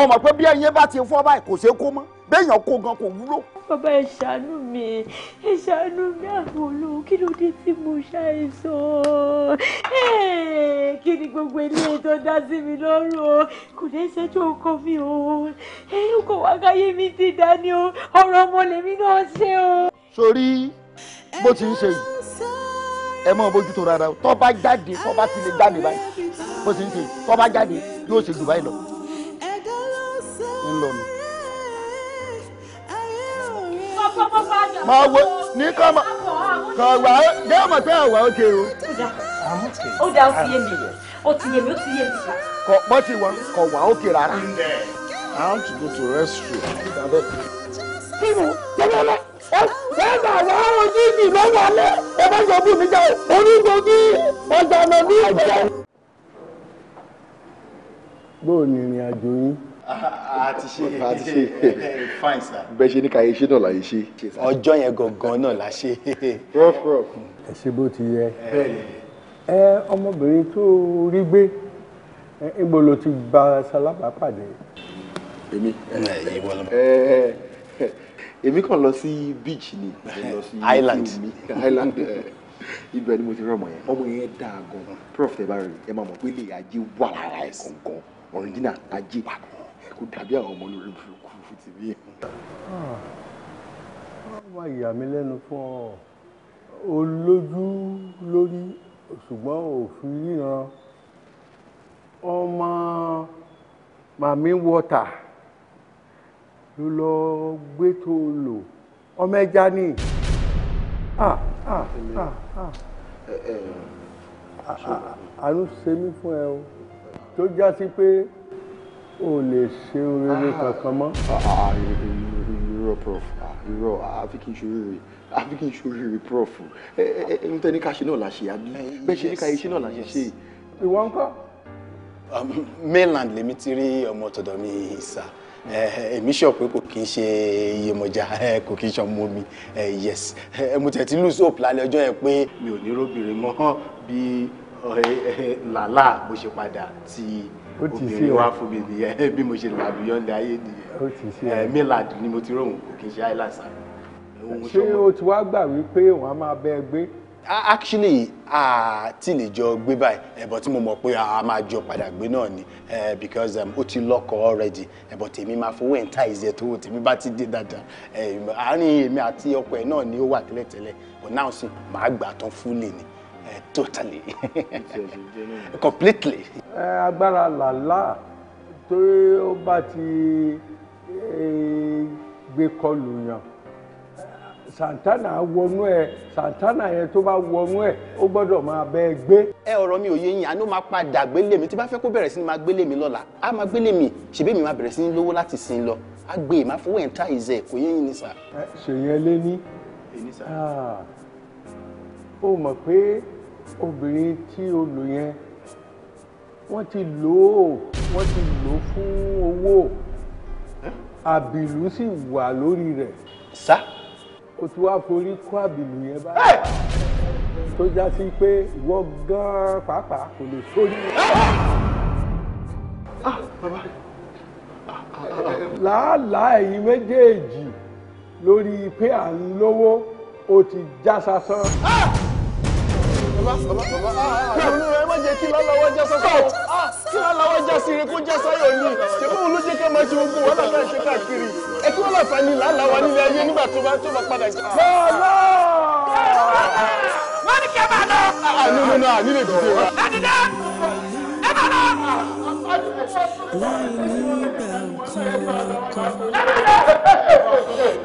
ọmọ pé bí ẹyin bá ti fọ́ báyìí kò ṣeé kó mọ́ béèyàn kó gan kò wúlò. bàbá ẹ ṣàánú mi ẹ ṣàánú mi àwọn olówó kí ló dé tí mo ṣàìsàn kí ni gbogbo ilé tó dá sí mi lọ́rùn o kò dé ṣẹ́jú ọkọ mi o ẹ̀yìn kò wá káyé mi ti dání o ọ̀rọ̀ ọmọ lèmi náà ṣe o. sori bó ti ń ṣe yìí ẹ mọ bójútó rárá o tó bá jáde tó bá ti lè jáde báyìí bó ti ń ṣe tó bá jáde yóò ṣe jù báyìí lọ ńlọ nù. wo ní ká ma kà wá dé ọmọ tẹ àwa ó ké o. ó dá ó ti yé mi ó ti yé mi ó ti yé mi. kọ pọ́ ti wá kọ wá ó ké rárá. I want to go to restroom. People, tell me that sẹ́ẹ̀dà wá ojú ìdì ló wọlé ẹ bá yọ bùnmi jẹ onígbòógì ọjà ọ̀nà ní ìgbà. bóò ni ìrìn àjò yín. a ti ṣe a ti ṣe fine sir. bẹ́ẹ̀ ṣe ní ká ṣe náà láyé ṣe. ọjọ́ yẹn gangan náà la ṣe. ẹ ṣe bó ti yẹ ẹ ọmọbìnrin tó rí gbé ibo ló ti gba sálábà pàdé. èmi ẹ ẹ ìwọ lọ èmi kàn lọ sí beach ni island island eh, ibẹ̀ ni mo ti rọmọ yẹn ọmọ yẹn dáa gan prof tẹ bá rí ẹ máa mọ̀ pé lè ajé wà lára ẹ̀ kọ̀ọ̀kan original ajé kò dàbí àwọn ọmọ lórí burúkú ti bí. ọmọ ah. ìyá mi lẹ́nu fún ọ olójú lórí ṣùgbọ́n òfin ríran ọmọ màmí wọ́tà ló lọ gbé tó lò ọmọ ẹja ni. àánú ṣe mí fún ẹ o tó já sí pé o lè ṣe rere ah. kankan mọ́. Ah, ah, irọ́ prof irọ́ àfi kí n ṣe rere àfi kí n ṣe rere prof ẹni tẹ́ ní ká ṣe náà la ṣe àbí bẹ́ẹ̀ ṣe ní ká ṣe náà la ṣe ṣe. ìwọ ń kọ́. Um, mainland lèmi ti rí ọmọ tọ̀dọ̀ mi ìsà. Eh, èmi sọ kò kí n ṣe iyèmọ̀já eh, kò kí n ṣe ọmọ mi eh, yes mo tẹ̀ ti lose hope lálẹ́ ọjọ́ yẹn pé mi ò ní róbìnrin mọ́ bí làlá bó ṣe padà tí obìnrin wá fún mi nìyẹn bí mo ṣe là beyond ayé nìyẹn millard ni mo ti rò kò kí n ṣe highlight ṣé o ti wá gbà wípé wọn á máa bẹ ẹgbẹ́ actually àti lè jọ gbé báyìí ẹ̀bọ̀ eh, tí mo mọ̀ pé a máa jọ padà gbé náà ni eh, because um, ó ti lọ́kọ already eh, But tèmi máa fowó ẹ̀ ń ta ìṣe tó wò tèmi bá ti dé dáadáa àárín èmi àti ọkọ ẹ̀ náà ni ó wà tẹ́lẹ̀tẹ́lẹ̀ but now sí màá gbà tán fúlẹ̀ ni totally completely. agbára làlá tó bá ti gbé kọlù yàn santana wọnú ẹ santana yẹn tó bá wọnú ẹ ó gbọ́dọ̀ máa bẹ ẹ gbé. ẹ ọ̀rọ̀ mi ò yé yín àánú máa padà gbélé mi tí bá fẹ́ kó bẹ̀rẹ̀ sí ni máa gbélé mi lọ́la á máa gbélé mi ṣèbí mi máa bẹ̀rẹ̀ sí ní lówó láti sin lọ á gbé e máa fowó ẹ̀ ń ta ìzẹ̀ kò yé yín ni sà. ṣèyẹn lé ní ó ah. mọ̀ pé obìnrin tí o lò yẹn wọ́n ti lò ó wọ́n ti lò ó fún owó àbìlú sì wà lórí rẹ̀. sá o tí wàá forí kó àbìlù yẹn báyìí tó já sí pé ìwọ gan-an pàápàá kò lè sórí. Ah, làálàá ẹ̀yin méjèèjì lórí pé à ń lówó ó ti já sasán. Ah! Olú ẹ má jẹ́ kí lọ́lọ́wọ́ já sọ́sọ́. ló jẹ́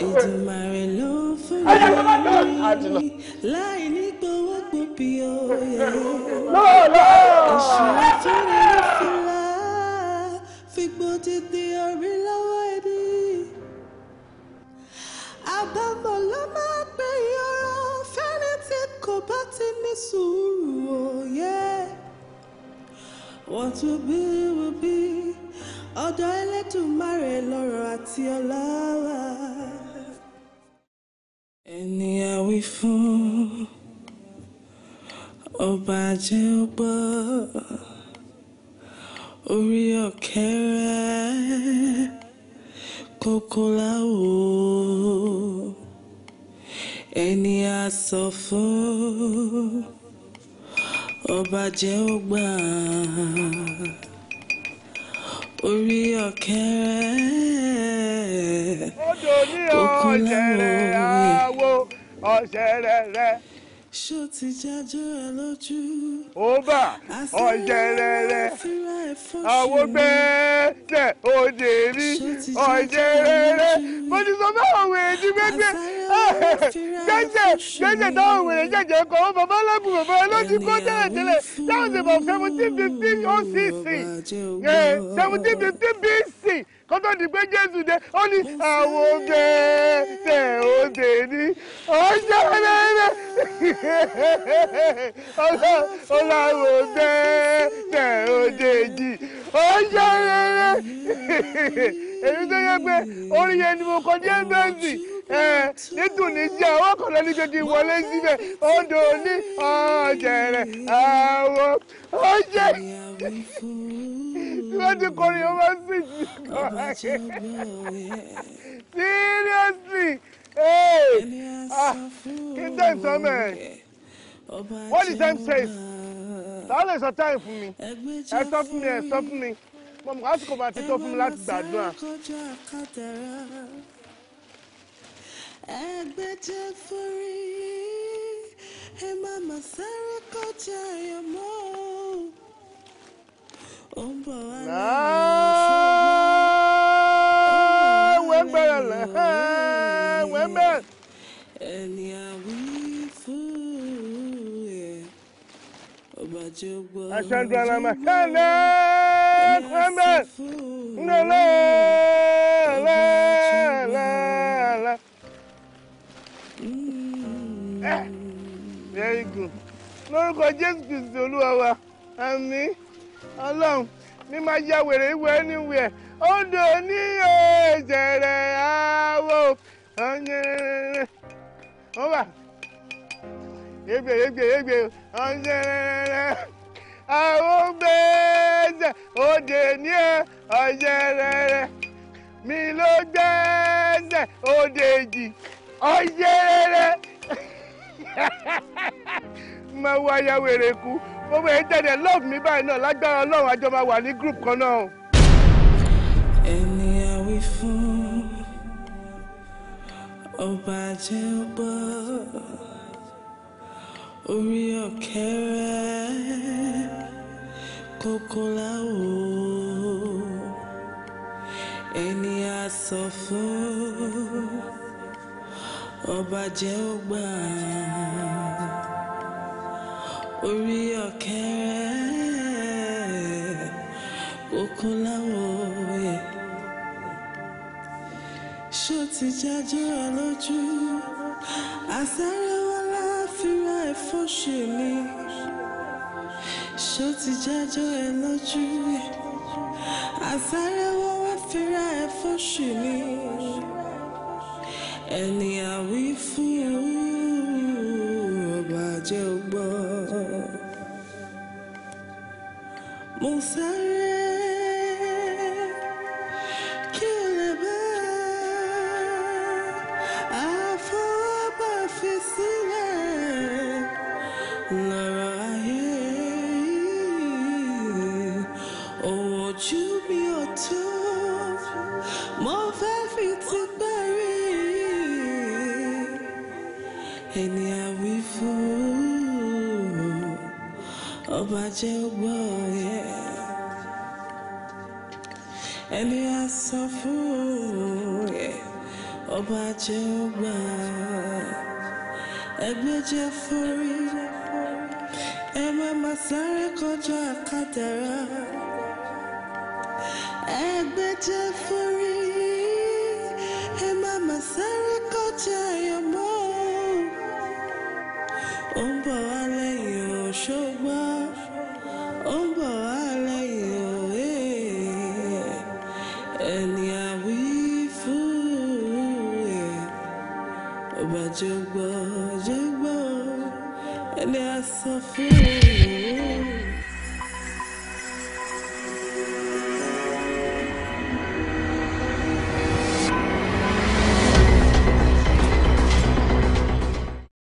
bá àti lọ. láì ní gbowó gbòbí òye. lọ́ọ̀lọ́. ìṣòro tó ní ní fúnra fipò ti di orí lọ́wọ́ ẹni. àbámọ̀ ló máa pè yọrọ fẹ́ni tí kò bá ti ní sùúrù òye. wọ́n tún bí wọ́n bí ọ̀dọ̀ Ẹlẹ́dùmarè lọ́rọ̀ àti ọlá wà. ènìyàn wí fún ọba jẹ́ ọgbọ́ orí ọ̀kẹ́rẹ́ kókó láwo ènìyàn sọ fún ọba jẹ́ orí ọ̀kẹ́rẹ́ òkun láwọn òwe ọ̀sẹ̀ rẹ̀ rẹ̀. ṣó ti jájú rẹ lójú. ó bà ọ̀jẹ̀ rẹ̀ rẹ̀ àwọn gbẹ́sẹ̀ òde rí ọ̀jẹ̀ rẹ̀ mo ti sọ fún àwọn èdè gbẹgbẹ́ jẹjẹ jẹjẹ táwọn wèrè jẹjẹ kọ ọ bàbá alágùn bàbá ẹlọ́sì kọ́ tẹ́lẹ̀ tẹ́lẹ̀ táwọn ṣe bọ̀ seventeen fifteen occ seventeen fifteen bc kọ́tọ́ di pé jésù dé ó ní àwọn oge tẹ̀ ó dé ní ọjọ́ rẹ̀ ọlọ́wọ́ oge tẹ̀ ó dé jì ọjọ́ rẹ̀ èyí tó yẹ pé orí yẹn ni mo kọjá ẹgbẹ́ sí nídùn eh, ní jẹ́ ọwọ́ kan lọ ní kékeré wọlé síbẹ̀ odò ní ọ̀jẹ̀rẹ̀ àwọ̀ ọ̀jẹ̀ wọ́n ti kọrin ọmọ sí ti kọ́ ẹ̀ seriously ah, kí n tẹ́ ìsọmọ ẹ̀ what the time says ta lè sọ time fún mi ẹ sọ fún mi ẹ sọ fún mi mọ̀mọ́ àsìkò bá ti tọ́ fún mi láti gbàdúrà ẹgbẹ́jẹ́ forí ẹ má má sáré kọjá ẹ̀ mọ́ ó ń bọ̀ wá lẹ́yìn ìṣòro ó ń bọ̀ wá lẹ́yìn ìṣòro eh, ẹni àwí fún ẹ ọba tí gbọ́ ọba tí ẹni àwí fún ẹ ọba tí ó gbọ́. ẹ eh, very good lórúkọ jésù kristu olúwa wa ọlọ́run ní máa ya wèrè ìwé anywhere odò ní ẹ̀jẹ̀rẹ̀ àwọ̀ ọ̀nyẹ̀rẹ̀rẹ̀ ó wà yégbè yégbè yégbè ọ̀nyẹ̀rẹ̀rẹ̀ àwọn gbèsè òde ní ọ̀nyẹ̀rẹ̀rẹ̀ mi ló gbèsè òde jì ọ̀nyẹ̀rẹ̀rẹ̀. máa wá ayáwó èrè kú gbogbo ẹ̀ ń jáde love mi báyìí náà lágbára ọlọ́run àjọ máa wà ní group kan náà. ẹni àwí fún ọba jẹ́ ọgbọ́ orí ọ̀kẹ́rẹ́ kókó láwo ẹni a fún ọba jẹ́ ó gbà orí ọ̀kẹ́rẹ́ kókó láwọn òye ṣó ti jájọ́ lójú àsárẹ́wọ́ láfíra ẹ̀fọ́ ṣe mi ṣó ti jájọ́ ẹ lójú àsárẹ́wọ́ wá fíra ẹ̀fọ́ ṣe mi ẹni àwí fún ọba jẹ́ ọgbọ́n mo sáré. my jailbird, yeah. Ẹni a sọ fún, yeah. Ọba jailbird. Ẹgbẹ́ jẹ́ forí, ẹ má má sáré kọjá kádàrá. Ẹgbẹ́ jẹ́ forí, ẹ má má sáré kọjá yọmọ. Ó ń bọ̀ wá. to go.